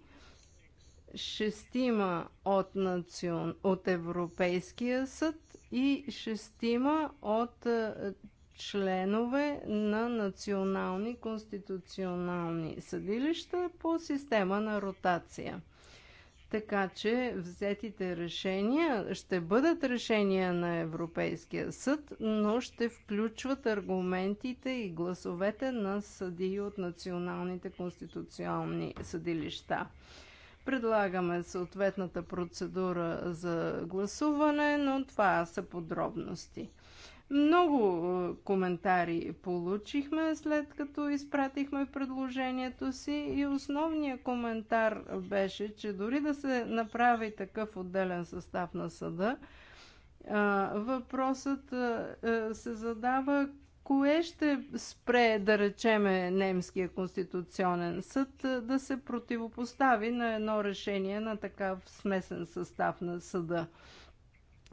шестима от, национ... от Европейския съд и шестима от е, членове на национални конституционални съдилища по система на ротация. Така че взетите решения ще бъдат решения на Европейския съд, но ще включват аргументите и гласовете на съдии от националните конституционни съдилища. Предлагаме съответната процедура за гласуване, но това са подробности. Много коментари получихме след като изпратихме предложението си и основният коментар беше, че дори да се направи такъв отделен състав на съда, въпросът се задава кое ще спре, да речеме, немския конституционен съд да се противопостави на едно решение на такъв смесен състав на съда.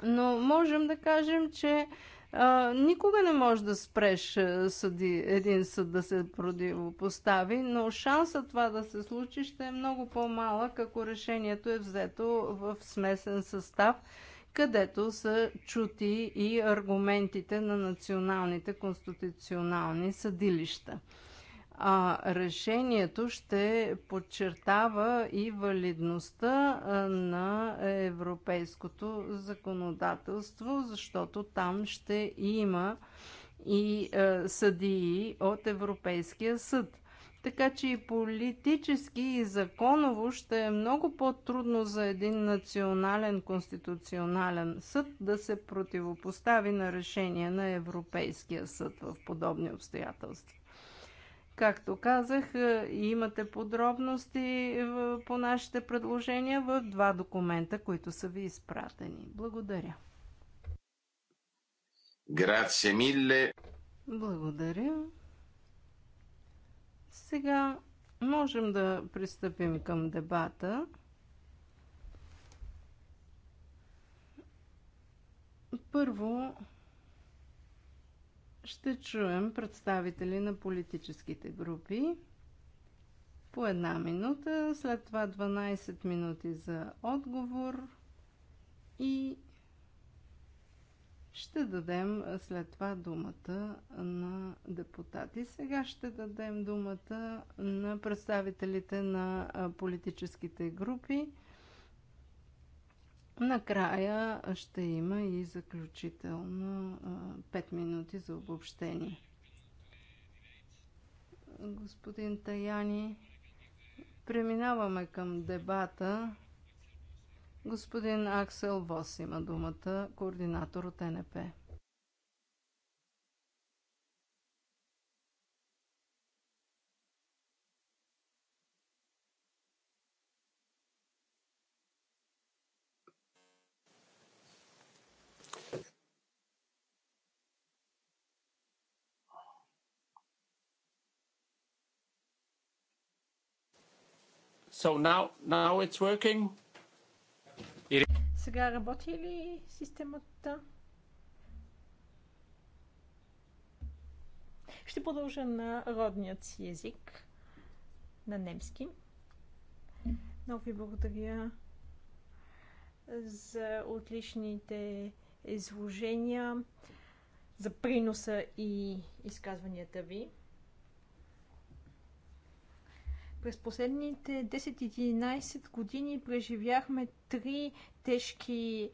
Но можем да кажем, че а, никога не може да спреш съди, един съд да се противопостави, но шанса това да се случи ще е много по-малък, ако решението е взето в смесен състав, където са чути и аргументите на националните конституционални съдилища а решението ще подчертава и валидността на европейското законодателство, защото там ще има и съдии от Европейския съд. Така че и политически и законово ще е много по-трудно за един национален конституционален съд да се противопостави на решение на Европейския съд в подобни обстоятелства. Както казах, е, имате подробности е, по нашите предложения в два документа, които са ви изпратени. Благодаря. Грация миле. Благодаря. Сега можем да пристъпим към дебата. Първо, ще чуем представители на политическите групи по една минута, след това 12 минути за отговор и ще дадем след това думата на депутати. Сега ще дадем думата на представителите на политическите групи. Накрая ще има и заключително 5 минути за обобщение. Господин Таяни, преминаваме към дебата. Господин Аксел Вос има думата, координатор от НП. So now, now it's working. It... Сега работи ли системата? Ще продължа на родният си език, на немски. Много ви благодаря за отличните изложения, за приноса и изказванията ви. През последните 10-11 години преживяхме три тежки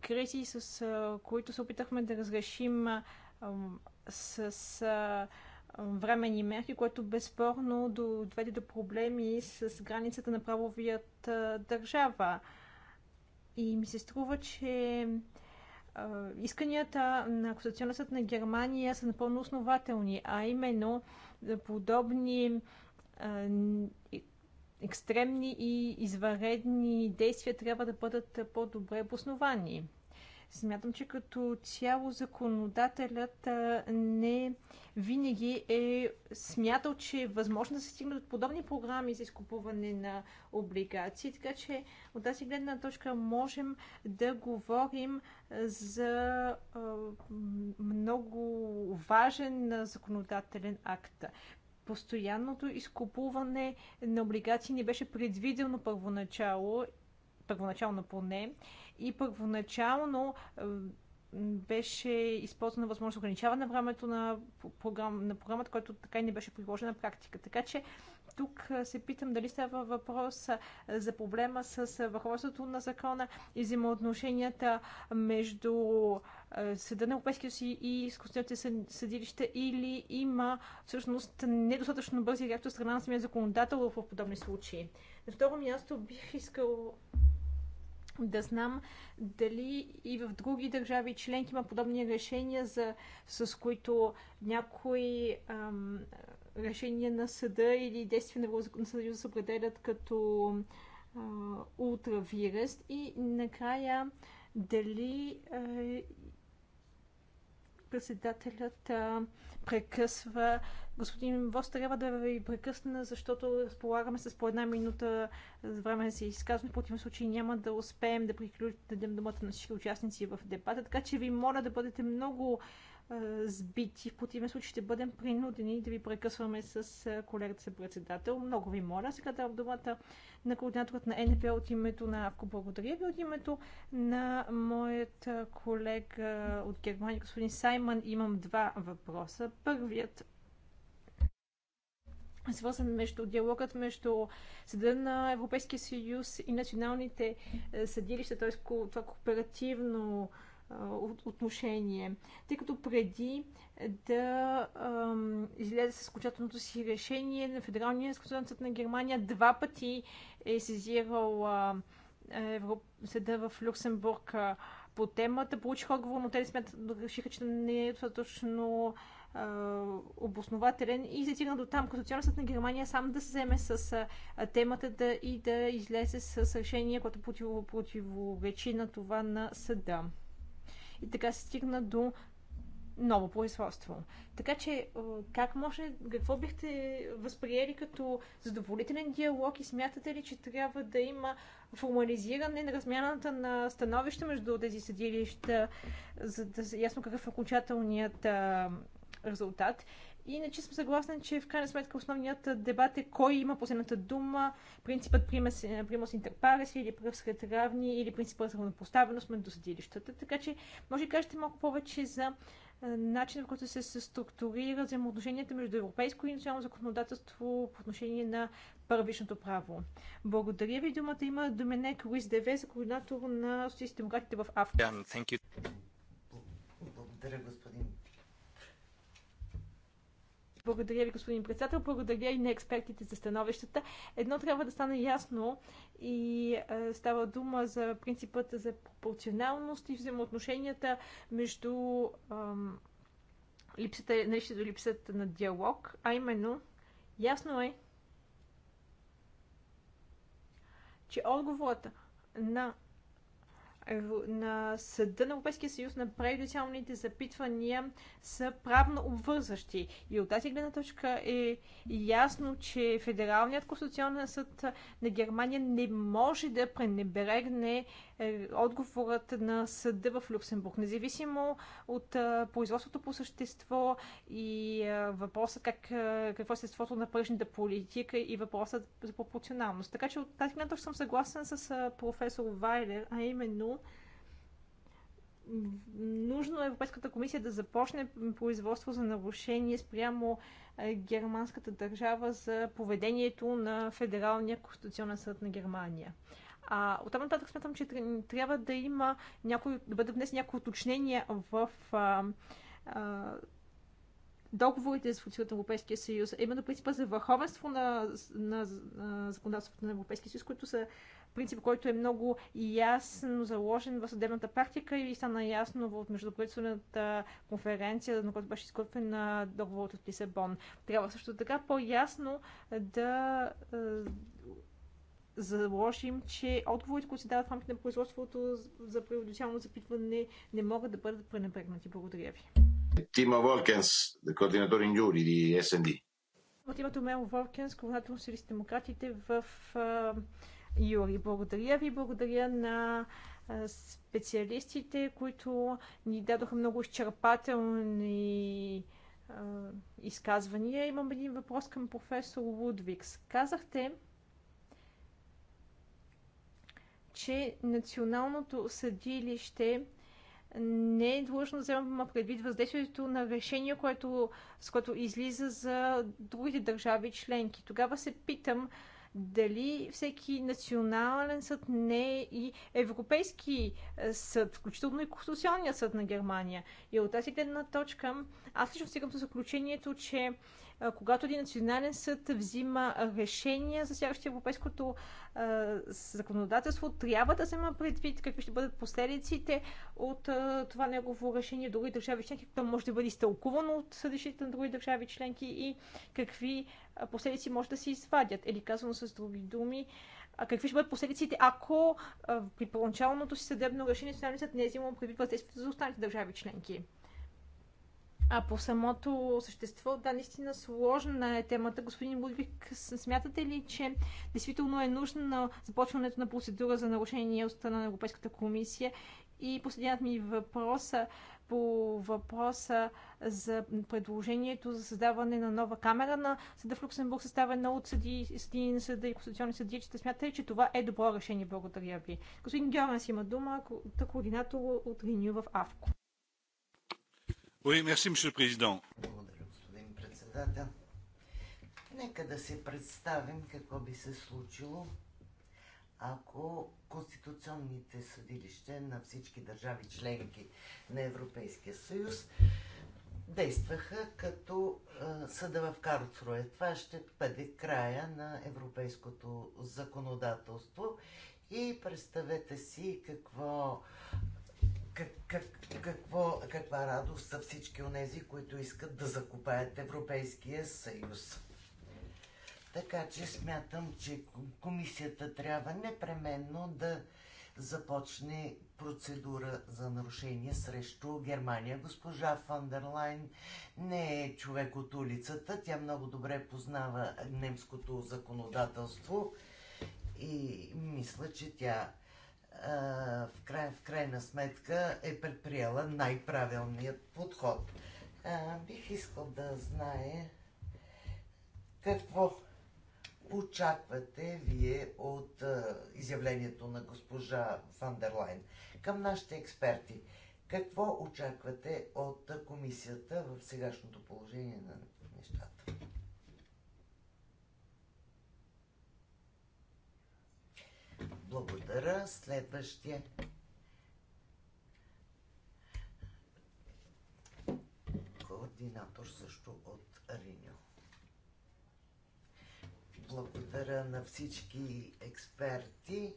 кризи, с които се опитахме да разрешим с временни мерки, което безспорно доведе до проблеми с границата на правовият държава. И ми се струва, че исканията на Конституционния съд на Германия са напълно основателни, а именно подобни екстремни и извънредни действия трябва да бъдат по-добре обосновани. Смятам, че като цяло законодателят не винаги е смятал, че е възможно да се стигне от подобни програми за изкупуване на облигации. Така че от тази гледна точка можем да говорим за много важен законодателен акт постоянното изкупуване на облигации не беше предвидено първоначало, първоначално поне, и първоначално беше използвана възможност за ограничаване на времето на, програм, на програмата, която така и не беше приложена на практика. Така че тук се питам дали става въпрос за проблема с върховството на закона и взаимоотношенията между Съда на Европейския съюз и изкуствените съдилища или има всъщност недостатъчно бързи реакция от страна на самия законодател в подобни случаи. На второ място бих искал да знам дали и в други държави членки има подобни решения, за, с които някои ам, решения на съда или действия на съюза се определят като а, ултравирест и накрая дали председателят прекъсва. Господин Вос трябва да ви прекъсна, защото разполагаме с по една минута време за изказване. В противен случай няма да успеем да приключим да дадем думата на всички участници в дебата. Така че ви моля да бъдете много сбити. В противен случай ще бъдем принудени да ви прекъсваме с колегата се председател. Много ви моля. Сега в думата на координаторът на НП от името на АВКО. Благодаря ви от името на моят колега от Германия, господин Саймън. Имам два въпроса. Първият е свързан между диалогът между Съда на Европейския съюз и националните съдилища, т.е. това кооперативно отношение, тъй като преди да ам, излезе с окончателното си решение на Федералния конституционен съд на Германия два пъти е сезирал съда в Люксембург а, по темата. Получих отговор, но те не смятат, решиха, че не е достатъчно обоснователен и се стигна до там, като цялостът на Германия сам да се вземе с а, темата да, и да излезе с решение, което противоречи на това на съда и така се стигна до ново производство. Така че, е, как може, какво бихте възприели като задоволителен диалог и смятате ли, че трябва да има формализиране на размяната на становища между тези съдилища, за да е ясно какъв е окончателният резултат? Иначе съм съгласна, че в крайна сметка основният дебат е кой има последната дума, принципът примус интерпарес или пръв сред равни или принципът за равнопоставеност между съдилищата. Така че, може да кажете малко повече за начинът, в който се структурира взаимоотношенията между европейско и национално законодателство по отношение на първичното право. Благодаря ви. Думата има Доменек Луис Деве, за координатор на социалистите демократите в Африка. Благодаря, господин благодаря ви, господин председател. Благодаря и на експертите за становищата. Едно трябва да стане ясно и е, става дума за принципът за пропорционалност и взаимоотношенията между е, липсата, наличието липсата на диалог, а именно ясно е, че отговорът на на Съда на Европейския съюз на преюдициалните запитвания са правно обвързащи. И от тази гледна точка е ясно, че Федералният конституционен съд на Германия не може да пренебрегне е отговорът на съда в Люксембург. Независимо от производството по същество и въпроса как, какво е съществото на прежната политика и въпроса за пропорционалност. Така че от тази гледна съм съгласен с професор Вайлер, а именно нужно е Европейската комисия да започне производство за нарушение спрямо германската държава за поведението на Федералния конституционен съд на Германия. А от там нататък смятам, че трябва да има някой, да бъде внесени някои уточнения в а, а, договорите за функцията на Европейския съюз, именно принципа за върховенство на, на, на законодателството на Европейския съюз, които са принцип, който е много ясно заложен в съдебната практика и стана ясно в междуправителствената конференция, на която беше изготвен на договорът от Лисабон. Трябва също така по-ясно да заложим, че отговорите, които се дават в рамките на производството за приоритетно запитване, не могат да бъдат пренебрегнати. Благодаря ви. Тима Волкенс, координатор in Юри и СНД. От името Мело Волкенс, координатор на демократите в Юри. Благодаря ви, благодаря на специалистите, които ни дадоха много изчерпателни изказвания. Имам един въпрос към професор Лудвикс. Казахте, че националното съдилище не е длъжно да взема предвид въздействието на решение, което, с което излиза за другите държави членки. Тогава се питам дали всеки национален съд не е и европейски съд, включително и Конституционният съд на Германия. И от тази гледна точка аз лично стигам до заключението, че когато един национален съд взима решения, засягащи европейското законодателство, трябва да взема предвид какви ще бъдат последиците от това негово решение в други държави членки, какво може да бъде изтълкувано от съдещите на други държави членки и какви последици може да се извадят. Или казано с други думи, а какви ще бъдат последиците, ако а, при първоначалното си съдебно решение Националният съд не е взимал предвид въздействието за останалите държави членки? А по самото същество, да, наистина сложна е темата. Господин Будвик, смятате ли, че действително е нужно на започването на процедура за нарушение от страна на Европейската комисия? И последният ми въпрос по въпроса за предложението за създаване на нова камера на съда в Люксембург, съставена от съди, съди на съда и конституционни съди, че смятате, ли, че това е добро решение. Благодаря ви. Господин Георган има дума, координатор от Реню в АВКО. Oui, merci, президент. Благодаря, господин председател. Нека да се представим какво би се случило, ако конституционните съдилища на всички държави членки на Европейския съюз действаха като съда в Карлсруе. Това ще бъде края на европейското законодателство и представете си какво как, как, какво, каква радост са всички тези, които искат да закопаят Европейския съюз. Така че смятам, че комисията трябва непременно да започне процедура за нарушение срещу Германия. Госпожа Фандерлайн не е човек от улицата. Тя много добре познава немското законодателство и мисля, че тя в, край, в крайна сметка е предприела най-правилният подход. А, бих искал да знае какво очаквате вие от а, изявлението на госпожа Фандерлайн към нашите експерти. Какво очаквате от комисията в сегашното положение на нещата? Благодаря. Следващия. Координатор също от Риньо. Благодаря на всички експерти.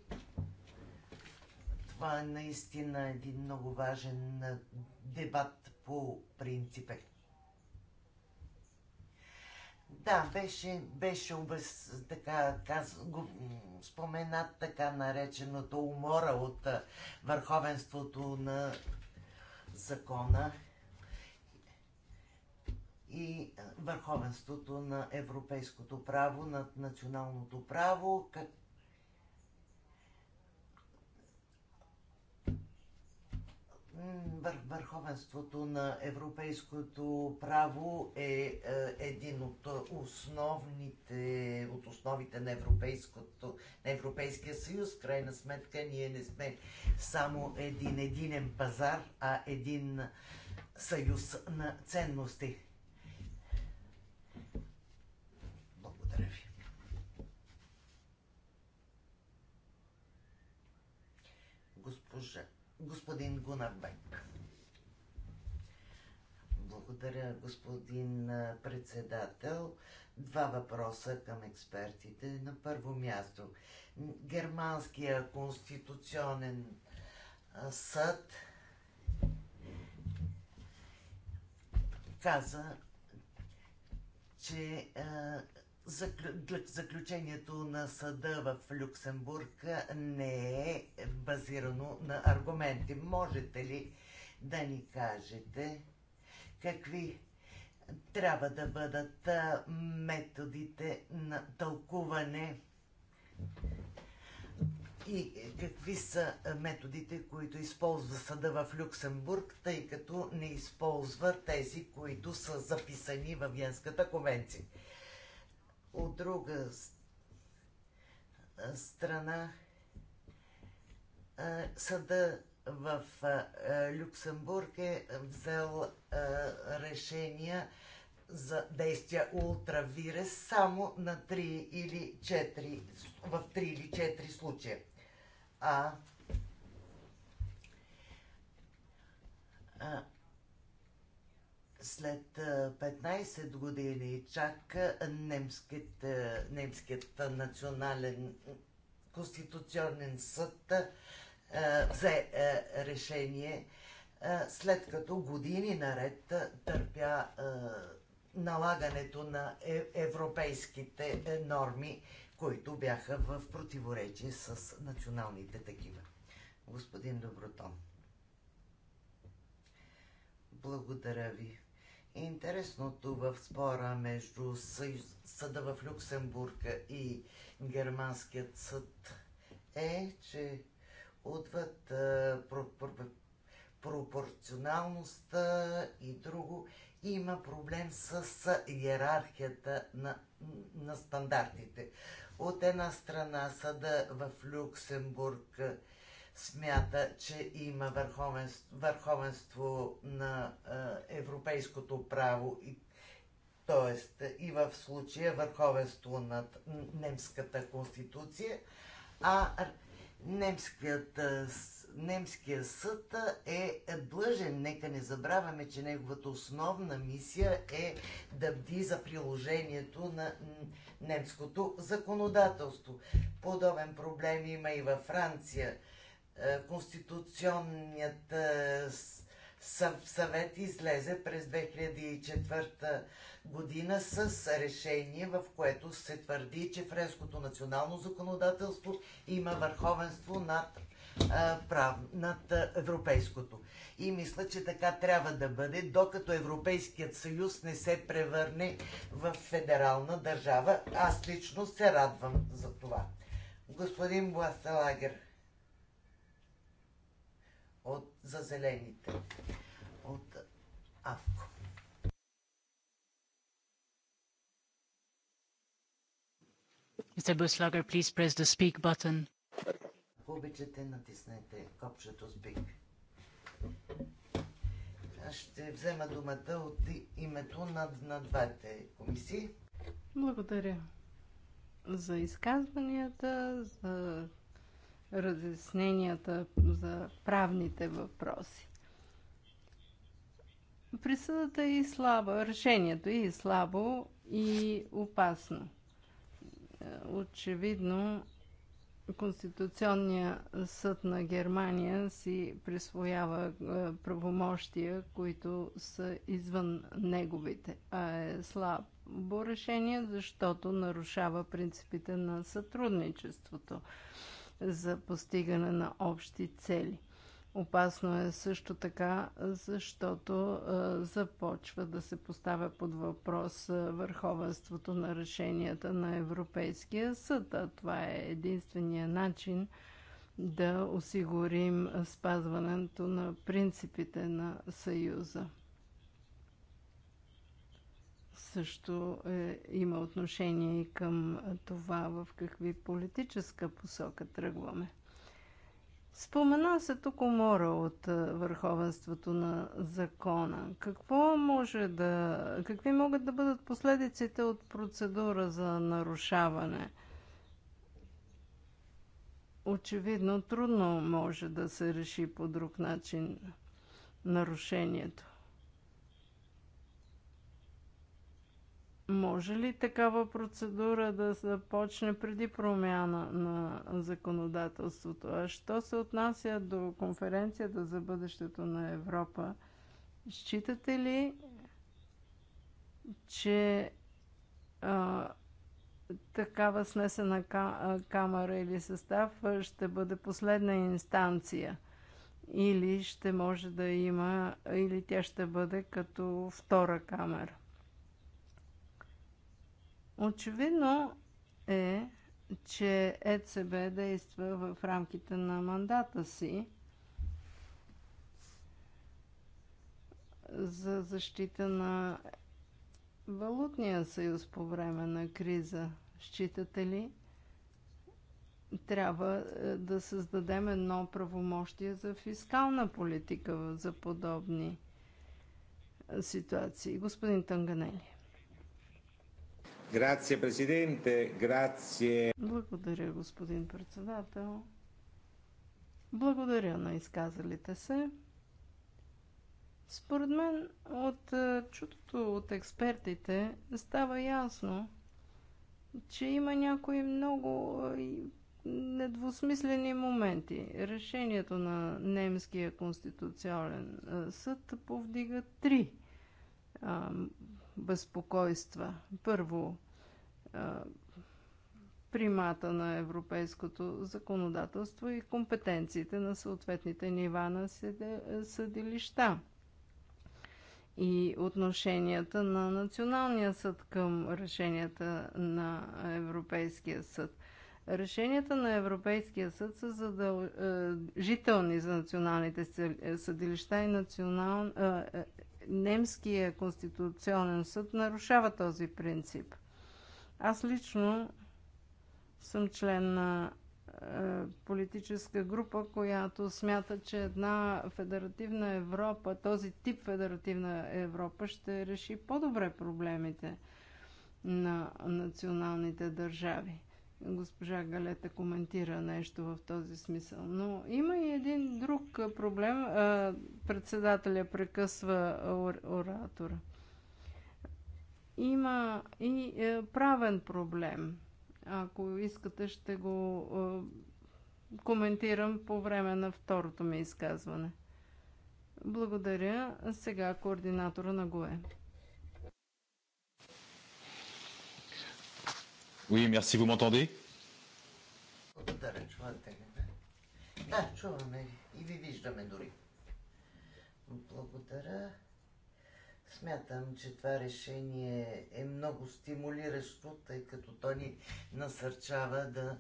Това е наистина един много важен дебат по принципе. Да, беше, беше обез, така, каз, го, споменат така нареченото умора от а, върховенството на закона и върховенството на европейското право, над националното право, как, върховенството на европейското право е, е един от основните, от основите на, европейското, на Европейския съюз. Крайна сметка ние не сме само един единен пазар, а един съюз на ценности. Благодаря ви. Госпожа господин Гунарбек. Благодаря, господин председател. Два въпроса към експертите. На първо място, Германския конституционен съд каза, че заключението на съда в Люксембург не е базирано на аргументи. Можете ли да ни кажете какви трябва да бъдат методите на тълкуване и какви са методите, които използва съда в Люксембург, тъй като не използва тези, които са записани в Венската конвенция. От друга страна, съда в Люксембург е взел решения за действия ултравирес само на 3 или 4, в 3 или 4 случая. А, а след 15 години чак немският, немският национален конституционен съд взе решение, след като години наред търпя налагането на е, европейските е, норми, които бяха в противоречие с националните такива. Господин Добротон. Благодаря ви. Интересното в спора между съда в Люксембург и германският съд е, че отвъд пропорционалността и друго има проблем с иерархията на, на стандартите. От една страна съда в Люксембург смята, че има върховенство, върховенство на европейското право и т.е. и в случая върховенство над немската конституция, а немският, немския съд е длъжен, нека не забравяме, че неговата основна мисия е да бди за приложението на немското законодателство. Подобен проблем има и във Франция – е, Конституционният е, съвет излезе през 2004 година с решение, в което се твърди, че френското национално законодателство има върховенство над, е, прав, над европейското. И мисля, че така трябва да бъде, докато Европейският съюз не се превърне в федерална държава. Аз лично се радвам за това. Господин Бласелагер за зелените от АВКО. Mr. Buslager, please press the speak button. Ако обичате, натиснете копчето speak. Ще взема думата от името на, на двете комисии. Благодаря за изказванията, за разясненията за правните въпроси. Присъдата е и слаба, решението е и слабо и опасно. Е, очевидно, Конституционният съд на Германия си присвоява е, правомощия, които са извън неговите, а е слабо решение, защото нарушава принципите на сътрудничеството за постигане на общи цели. Опасно е също така, защото започва да се поставя под въпрос върховенството на решенията на Европейския съд. А това е единствения начин да осигурим спазването на принципите на Съюза също е, има отношение и към това в какви политическа посока тръгваме. Спомена се тук умора от е, върховенството на закона. Какво може да, какви могат да бъдат последиците от процедура за нарушаване? Очевидно трудно може да се реши по друг начин нарушението. Може ли такава процедура да започне преди промяна на законодателството? А що се отнася до конференцията за бъдещето на Европа, считате ли, че а, такава снесена камера или състав ще бъде последна инстанция? Или ще може да има, или тя ще бъде като втора камера? Очевидно е, че ЕЦБ действа в рамките на мандата си за защита на валутния съюз по време на криза. Считате ли, трябва е, да създадем едно правомощие за фискална политика за подобни е, ситуации? Господин Танганели. Грация, президенте, грация. Благодаря, господин председател. Благодаря на изказалите се. Според мен, от е, чутото от експертите, става ясно, че има някои много е, недвусмислени моменти. Решението на Немския конституционен е, съд повдига три безпокойства. Първо, примата на европейското законодателство и компетенциите на съответните нива на съдилища и отношенията на Националния съд към решенията на Европейския съд. Решенията на Европейския съд са задължителни е, за националните съдилища и национал... Е, е, немския конституционен съд нарушава този принцип. Аз лично съм член на е, политическа група, която смята, че една федеративна Европа, този тип федеративна Европа ще реши по-добре проблемите на националните държави. Госпожа Галета коментира нещо в този смисъл. Но има и един друг проблем. Председателя прекъсва оратора. Има и е, правен проблем. Ако искате, ще го е, коментирам по време на второто ми изказване. Благодаря. Сега координатора на ГОЕ. Oui, merci, vous m'entendez? Благодаря, Да, чуваме и ви виждаме дори. Благодаря. Смятам, че това решение е много стимулиращо, тъй като то ни насърчава да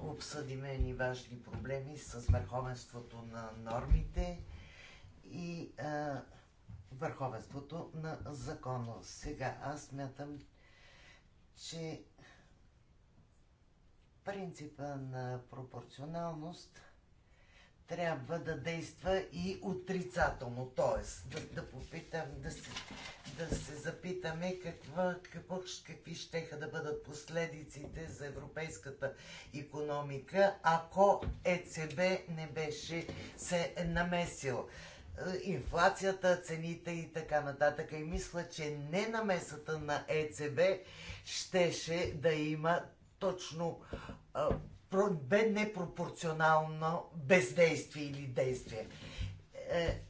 обсъдиме едни важни проблеми с върховенството на нормите и а, върховенството на закона. Сега аз смятам, че принципа на пропорционалност трябва да действа и отрицателно. Т.е. да, да попитам, да се, да се запитаме каква, какво, какви ще да бъдат последиците за европейската економика, ако ЕЦБ не беше се намесил. Е, инфлацията, цените и така нататък. И мисля, че не намесата на ЕЦБ щеше да има точно бе непропорционално бездействие или действие. Е,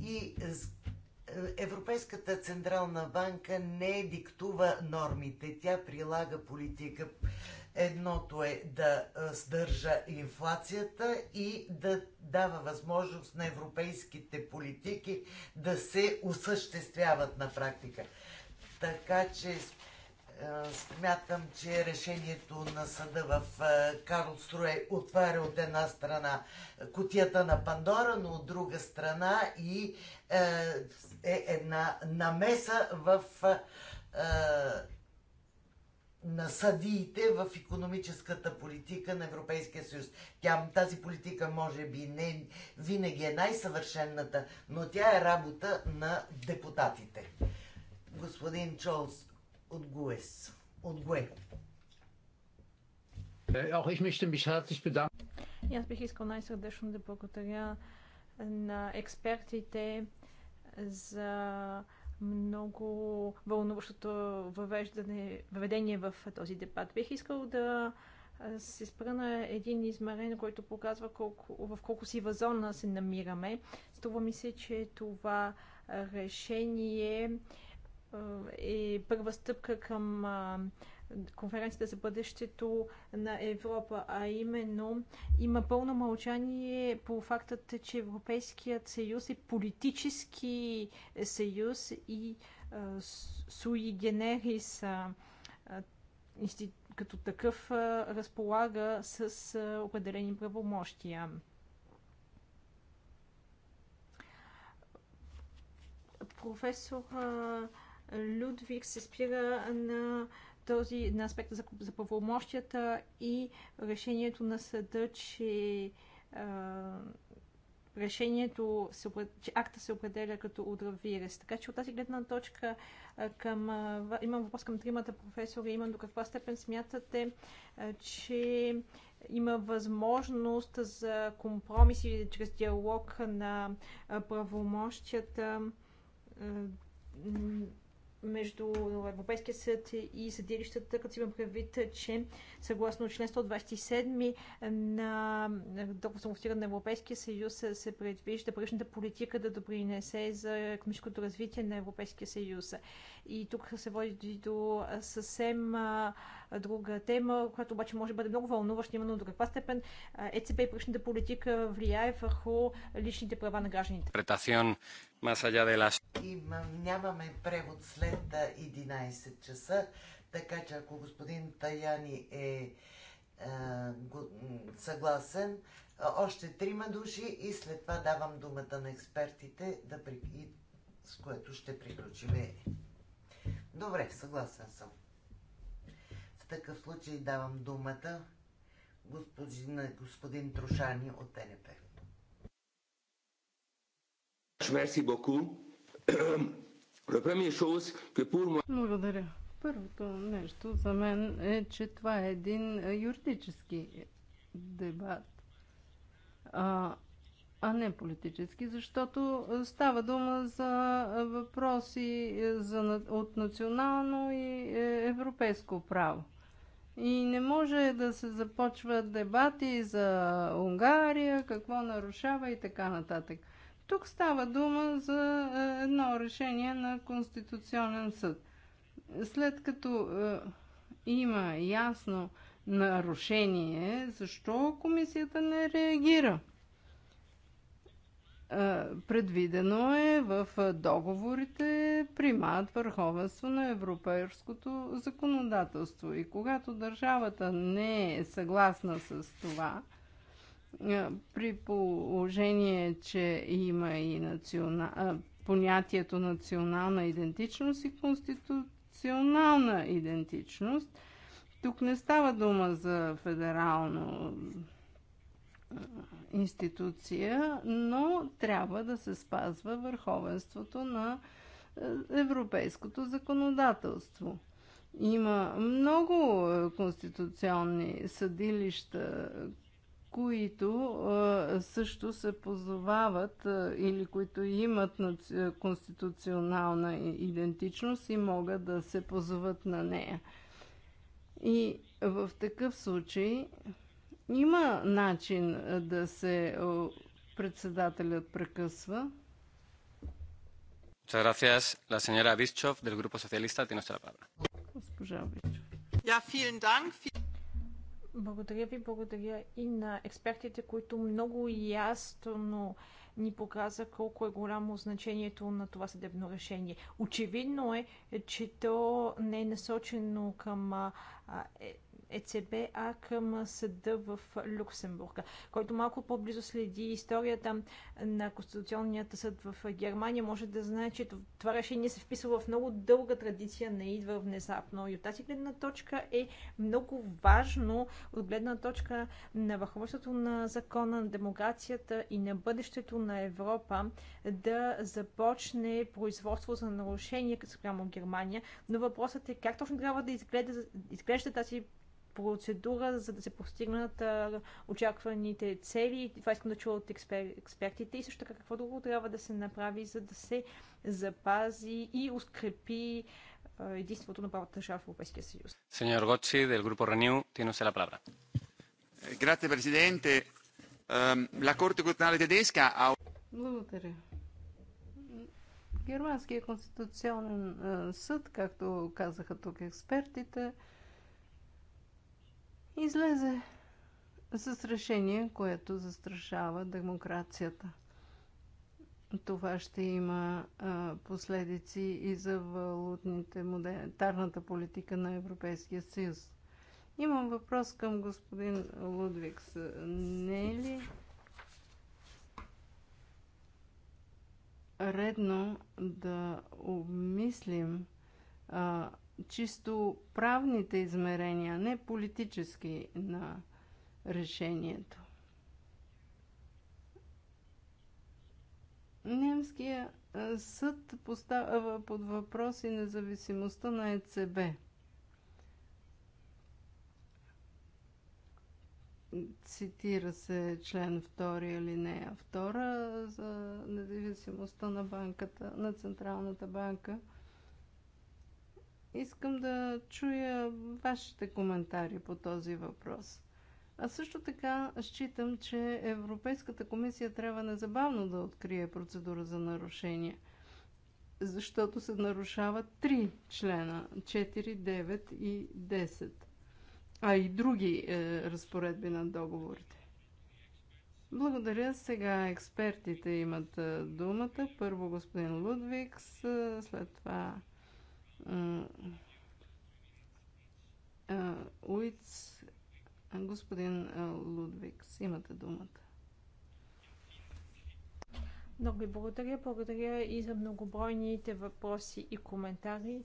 и е, Европейската Централна банка не диктува нормите, тя прилага политика. Едното е да сдържа инфлацията и да дава възможност на европейските политики да се осъществяват на практика. Така че е, смятам, че решението на съда в е, Карлструе отваря от една страна котията на Пандора, но от друга страна и е, е една намеса в на съдиите в економическата политика на Европейския съюз. Тя, тази политика може би не винаги е най-съвършенната, но тя е работа на депутатите. Господин Чолс, от Gues. От Gue. Auch ich möchte mich herzlich bedanken. Аз бих искал най herzlich да благодаря на експертите за много вълнуващото въвеждане въведение в този дебат. Бих искал да се спра на един измерен, който показва колко, в колко сива зона се намираме. Струва ми се, че това решение е първа стъпка към конференцията за бъдещето на Европа, а именно има пълно мълчание по фактът, че Европейският съюз е политически съюз и суи генерис като такъв разполага с определени правомощия. Професор Людвиг се спира на този на аспект за, за правомощията и решението на съда, че а, решението, се, че акта се определя като удравирес. Така че от тази гледна точка към, имам въпрос към тримата професори. Имам до каква степен смятате, че има възможност за компромиси чрез диалог на правомощията между Европейския съд и съдилищата, като си имам предвид, че съгласно член 127 на договор на Европейския съюз се предвижда прежната политика да допринесе за економическото развитие на Европейския съюз. И тук се води до съвсем друга тема, която обаче може да бъде много вълнуваща, именно до каква степен ЕЦБ и пръщната политика влияе върху личните права на гражданите. Има, нямаме превод след 11 часа, така че ако господин Таяни е съгласен. Още трима души и след това давам думата на експертите, да с което ще приключим. Добре, съгласен съм такъв случай давам думата господин, господин Трушани от ТНП. Мерси боку. Благодаря. Първото нещо за мен е, че това е един юридически дебат, а, а не политически, защото става дума за въпроси за, от национално и е, европейско право. И не може да се започват дебати за Унгария, какво нарушава и така нататък. Тук става дума за е, едно решение на Конституционен съд. След като е, има ясно нарушение, защо комисията не реагира? Е, предвидено е в договорите примат върховенство на европейското законодателство. И когато държавата не е съгласна с това, е, при положение, че има и национа... Е, понятието национална идентичност и конституционална идентичност, тук не става дума за федерално институция, но трябва да се спазва върховенството на е, европейското законодателство. Има много е, конституционни съдилища, които е, също се позовават или които имат конституционална идентичност и могат да се позоват на нея. И в такъв случай има начин е, да се председателят прекъсва. Muchas gracias. La señora Bischoff del Grupo Socialista tiene palabra. Ja, vielen Dank. Благодаря ви, благодаря и на експертите, които много ясно ни показа колко е голямо значението на това съдебно решение. Очевидно е, че то не е насочено към а, е, ЕЦБ, а към съда в Люксембург, който малко по-близо следи историята на Конституционният съд в Германия, може да знае, че това решение се вписва в много дълга традиция, не идва внезапно. И от тази гледна точка е много важно, от гледна точка на върховенството на закона, на демокрацията и на бъдещето на Европа, да започне производство за нарушение спрямо Германия. Но въпросът е как точно трябва да изглежда, изглежда тази процедура, за да се постигнат а, очакваните цели. Това искам да чуя от експер, експертите и също така какво друго трябва да се направи, за да се запази и укрепи единството на правата държава в Европейския съюз. Сеньор Гоци, del Grupo Renew, tiene usted la palabra. Eh, grazie, Presidente. Ehm, la Corte Costituzionale tedesca ha... Благодаря. Германския конституционен е, съд, както казаха тук експертите, излезе с решение, което застрашава демокрацията. Това ще има а, последици и за валутните монетарната политика на Европейския съюз. Имам въпрос към господин Лудвикс. Не е ли редно да обмислим а, чисто правните измерения, не политически на решението. Немския съд поставя под въпрос и независимостта на ЕЦБ. Цитира се член 2 алинея 2 за независимостта на банката, на Централната банка – Искам да чуя вашите коментари по този въпрос. А също така считам, че Европейската комисия трябва незабавно да открие процедура за нарушение, защото се нарушават три члена 4, 9 и 10, а и други е, разпоредби на договорите. Благодаря. Сега експертите имат е, думата. Първо господин Лудвикс, е, след това Уиц, господин Лудвикс, имате думата. Много ви благодаря. Благодаря и за многобройните въпроси и коментари.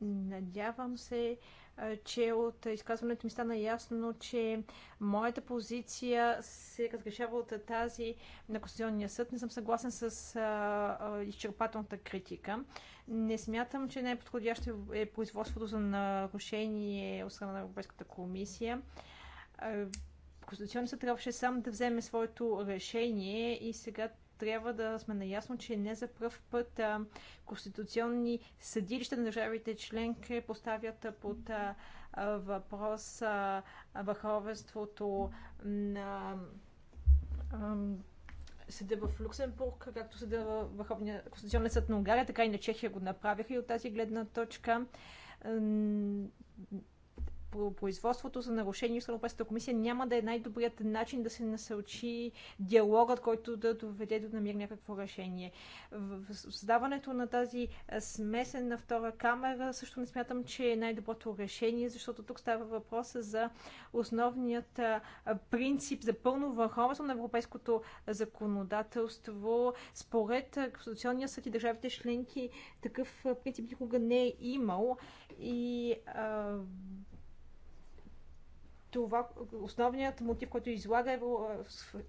Надявам се, че от изказването ми стана ясно, че моята позиция се разрешава от тази на Конституционния съд. Не съм съгласен с а, а, изчерпателната критика. Не смятам, че най-подходящо е производството за нарушение от страна на Европейската комисия. Конституционният съд трябваше сам да вземе своето решение и сега трябва да сме наясно, че не за пръв път а, конституционни съдилища на държавите членки поставят под а, въпрос а, върховенството на съда в Люксембург, както съда в Върховния конституционен съд на Унгария, така и на Чехия го направиха и от тази гледна точка производството за нарушение в Европейската комисия няма да е най-добрият начин да се насълчи диалогът, който да доведе до намир някакво решение. В създаването на тази смесена втора камера също не смятам, че е най-доброто решение, защото тук става въпрос за основният принцип за пълно върховенство на европейското законодателство. Според Конституционния съд и държавите членки такъв принцип никога не е имал и това основният мотив, който излага е, е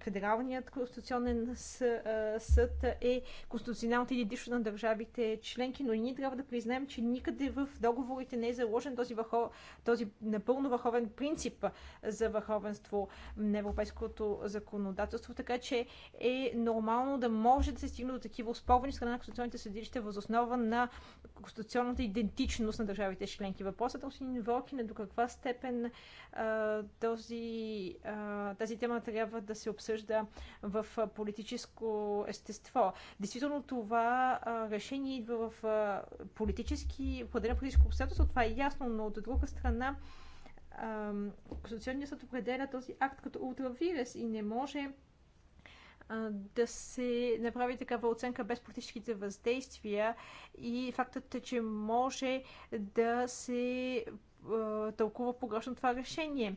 Федералният конституционен е, съд е конституционалната идентичност на държавите членки, но и ние трябва да признаем, че никъде в договорите не е заложен този, върхов, този напълно върховен принцип за върховенство на европейското законодателство, така че е нормално да може да се стигне до такива успорвани страна на конституционните съдилища възоснова на конституционната идентичност на държавите членки. Въпросът, господин е, Волкин, до каква степен този, тази тема трябва да се обсъжда в политическо естество. Действително това решение идва в политически, определено политическо обстоятелство, това е ясно, но от друга страна Конституционният съд определя този акт като ултравирес и не може да се направи такава оценка без политическите въздействия и фактът, е, че може да се е, тълкува погрешно това решение.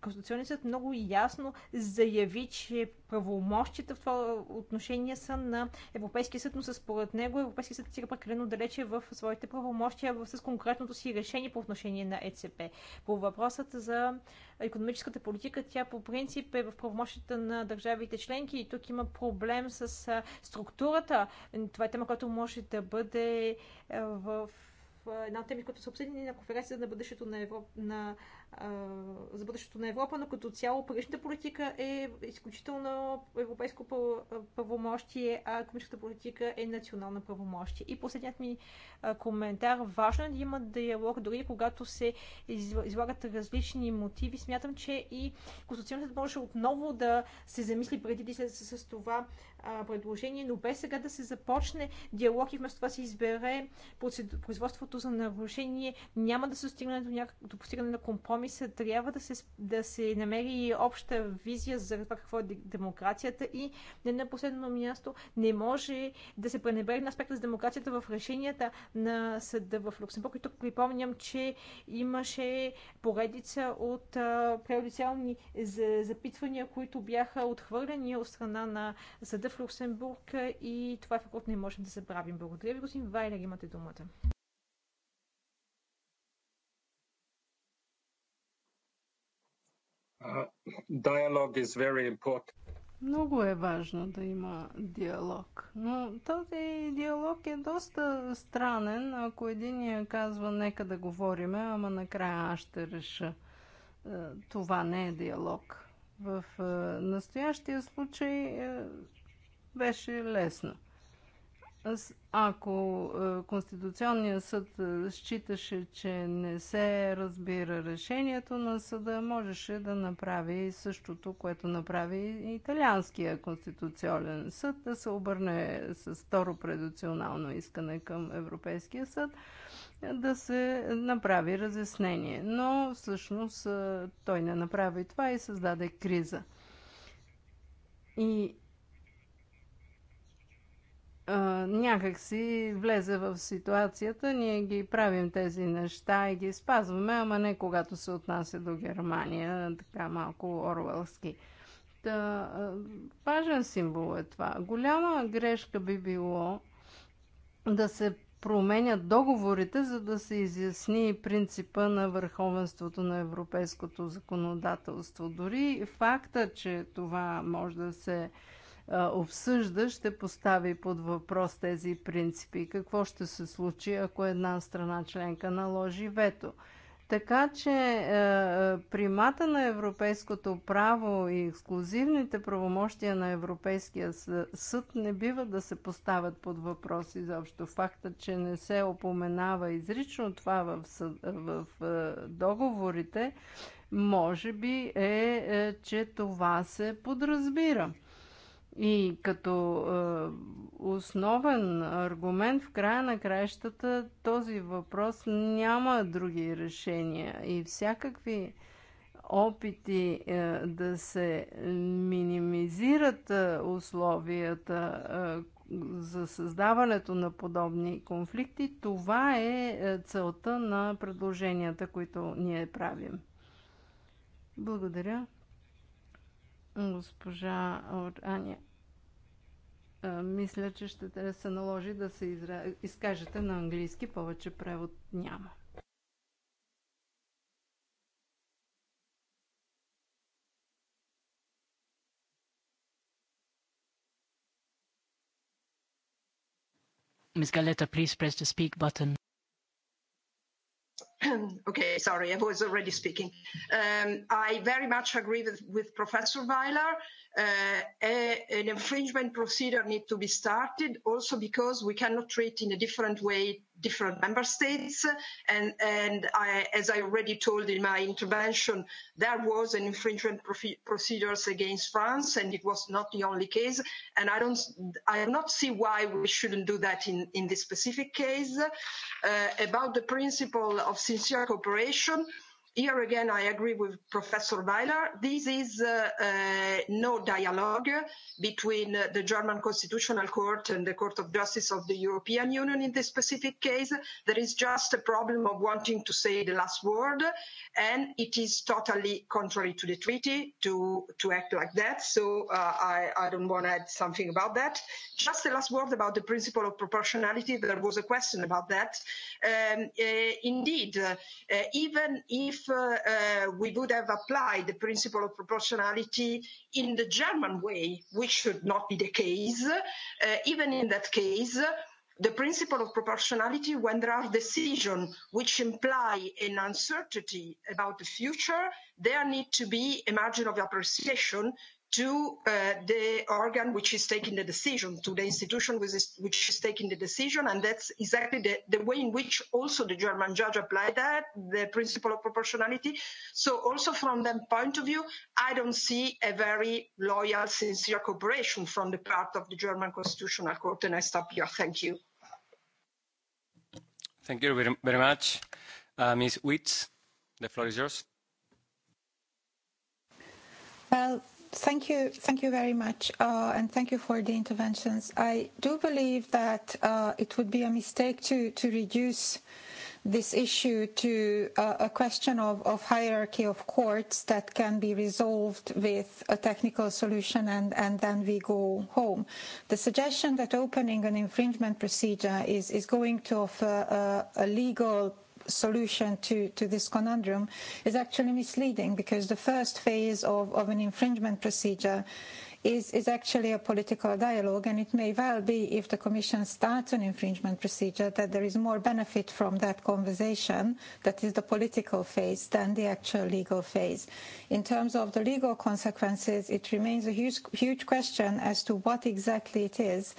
Конституционният съд много ясно заяви, че правомощията в това отношение са на Европейския съд, но според него Европейския съд стига прекалено далече в своите правомощия с конкретното си решение по отношение на ЕЦП. По въпросът за економическата политика, тя по принцип е в правомощията на държавите членки и тук има проблем с структурата. Това е тема, която може да бъде в една теми, които са обсъдени на конференцията на бъдещето на, Европ... на за бъдещето на Европа, но като цяло паричната политика е изключително европейско правомощие, а економическата политика е национална правомощие. И последният ми коментар. Важно е да има диалог, дори когато се излагат различни мотиви. Смятам, че и Конституционният може отново да се замисли преди да с, с това предложение, но без сега да се започне диалог и вместо това се избере производството за нарушение, няма да се стигне до, някак... до постигане на компромис компромиса трябва да се, да се намери обща визия за това какво е демокрацията и не на последно място не може да се пренебрегне аспекта с демокрацията в решенията на съда в Люксембург. И тук припомням, че имаше поредица от преодициални запитвания, които бяха отхвърлени от страна на съда в Люксембург и това е какво не можем да забравим. Благодаря ви, господин Вайлер, имате думата. Много е важно да има диалог. Но този диалог е доста странен, ако я казва нека да говориме, ама накрая аз ще реша. Е, това не е диалог. В е, настоящия случай е, беше лесно. Ако е, Конституционният съд е, считаше, че не се разбира решението на съда, можеше да направи същото, което направи Италианския Конституционен съд, да се обърне с второ предоционално искане към Европейския съд, да се направи разяснение. Но всъщност е, той не направи това и създаде криза. И някак си влезе в ситуацията. Ние ги правим тези неща и ги спазваме, ама не когато се отнася до Германия, така малко орвелски. Та, важен символ е това. Голяма грешка би било да се променят договорите, за да се изясни принципа на върховенството на европейското законодателство. Дори факта, че това може да се обсъжда, ще постави под въпрос тези принципи. Какво ще се случи, ако една страна членка наложи вето? Така че е, е примата на европейското право и ексклюзивните правомощия на Европейския съд не бива да се поставят под въпрос изобщо. Факта, че не се опоменава изрично това в, съд, в е, договорите, може би е, е, че това се подразбира. И като е, основен аргумент в края на краищата този въпрос няма други решения и всякакви опити е, да се минимизират е, условията е, за създаването на подобни конфликти, това е, е целта на предложенията, които ние правим. Благодаря. Госпожа Аня мисля, че ще се наложи да се изра... изкажете на английски, повече превод няма. Miss Galetta, please press the speak button okay, sorry, I was already speaking. Um, I very much agree with, with Professor Weiler. Uh, a, an infringement procedure needs to be started also because we cannot treat in a different way different member states. And, and I, as I already told in my intervention, there was an infringement procedures against France, and it was not the only case. And I don't, I do not see why we shouldn't do that in, in this specific case. Uh, about the principle of sincere cooperation, here again i agree with professor weiler this is uh no dialogue between the german constitutional court and the court of justice of the european union in this specific case there is just a problem of wanting to say the last word and it is totally contrary to the treaty to to act like that so uh i i don't want to add something about that. just the last word about the principle of proportionality there was a question about that. Um indeed uh even if uh we would have applied the principle of proportionality in the German way, which should not be the case. Uh, even in that case, the principle of proportionality when there are decisions which imply an uncertainty about the future, there need to be a margin of appreciation to uh, the organ which is taking the decision, to the institution which is, which is taking the decision. And that's exactly the, the way in which also the German judge applied that, the principle of proportionality. So also from that point of view, I don't see a very loyal, sincere cooperation from the part of the German Constitutional Court. And I stop here. Thank you. Thank you very, very much. Uh, Ms. Witz, the floor is yours. Well, Thank you. Thank you very much, uh, and thank you for the interventions. I do believe that uh, it would be a mistake to, to reduce this issue to uh, a question of, of hierarchy of courts that can be resolved with a technical solution and, and then we go home. The suggestion that opening an infringement procedure is, is going to offer a, a legal solution to, to this conundrum is actually misleading because the first phase of, of an infringement procedure is, is actually a political dialogue, and it may well be if the Commission starts an infringement procedure that there is more benefit from that conversation, that is the political phase, than the actual legal phase. In terms of the legal consequences, it remains a huge, huge question as to what exactly it is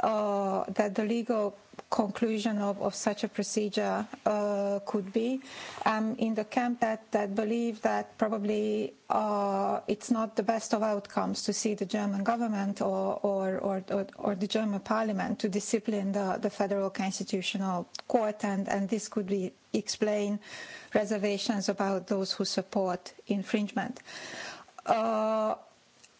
uh, that the legal conclusion of, of such a procedure uh, could be. I'm in the camp that, that believe that probably uh, it's not the best of outcomes to see the German government or, or, or, or, or the German parliament to discipline the, the Federal Constitutional Court, and, and this could be explain reservations about those who support infringement. Uh,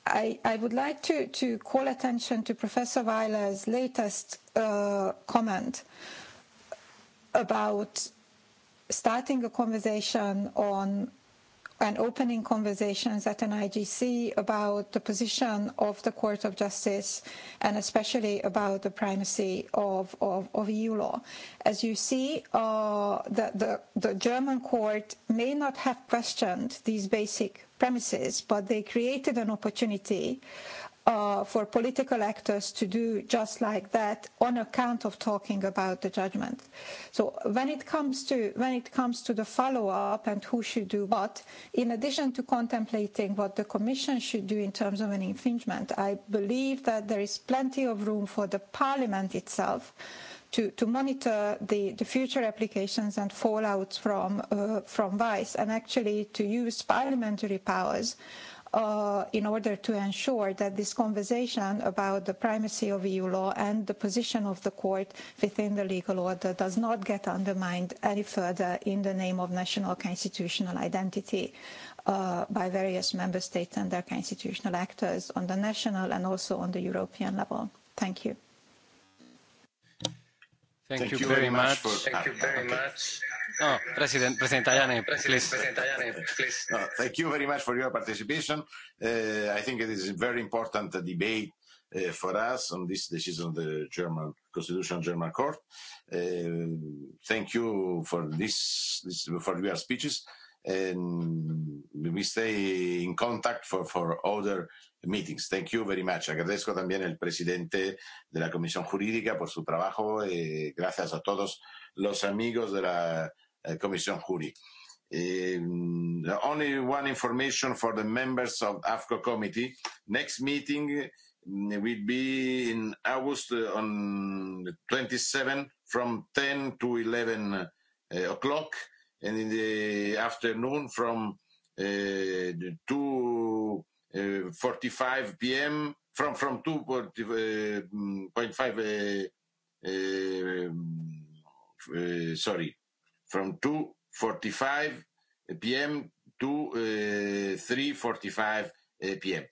I, I would like to, to call attention to Professor Weiler's latest uh, comment about starting a conversation on and opening conversations at an IGC about the position of the Court of Justice and especially about the primacy of, of, of EU law. As you see, uh, the, the, the German court may not have questioned these basic premises, but they created an opportunity uh, for political actors to do just like that on account of talking about the judgment. So when it comes to when it comes to the follow-up and who should do what, in addition to contemplating what the Commission should do in terms of an infringement, I believe that there is plenty of room for the Parliament itself to, to monitor the, the future applications and fallouts from, uh, from VICE and actually to use parliamentary powers uh, uh, in order to ensure that this conversation about the primacy of EU law and the position of the court within the legal order does not get undermined any further in the name of national constitutional identity uh, by various member states and their constitutional actors on the national and also on the European level. Thank you. Thank, Thank you, you very much. For, Thank you very much. No, President, President Tajani, please. President Tajani, please. No, thank you very much for your participation. Uh, I think it is a very important debate uh, for us on this decision of the German Constitutional German Court. Uh, thank you for this, this for your speeches, and we stay in contact for for other meetings. Thank you very much. Agradezco también al presidente de la Comisión Jurídica por su trabajo. Eh, gracias a todos los amigos de la uh, Commissioner Khoury. Only one information for the members of AFCO committee. Next meeting will be in August on 27 from 10 to 11 uh, o'clock and in the afternoon from uh, uh, 2 45 p.m. from from 2.5 uh, uh, uh, sorry from 2:45 P.M. to 3:45 P.M.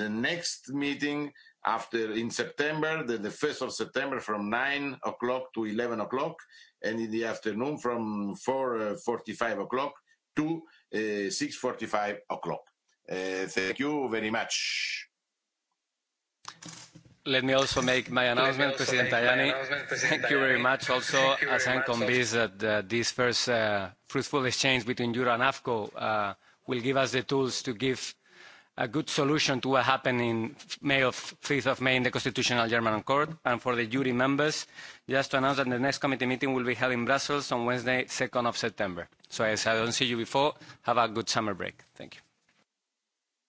The next meeting after in September, the 1st of September, from 9 o'clock to 11 o'clock, and in the afternoon from 4:45 o'clock to 6:45 Uh, Thank you very much. Let me also make my announcement, President Tajani. Thank you very much also, as I'm convinced that this first fruitful exchange between Euro and AFCO will give us the tools to give a good solution to what happened in May of 5th of May in the Constitutional German Court. And for the jury members, just to announce that the next committee meeting will be held in Brussels on Wednesday, 2nd of September. So as I don't see you before, have a good summer break. Thank you.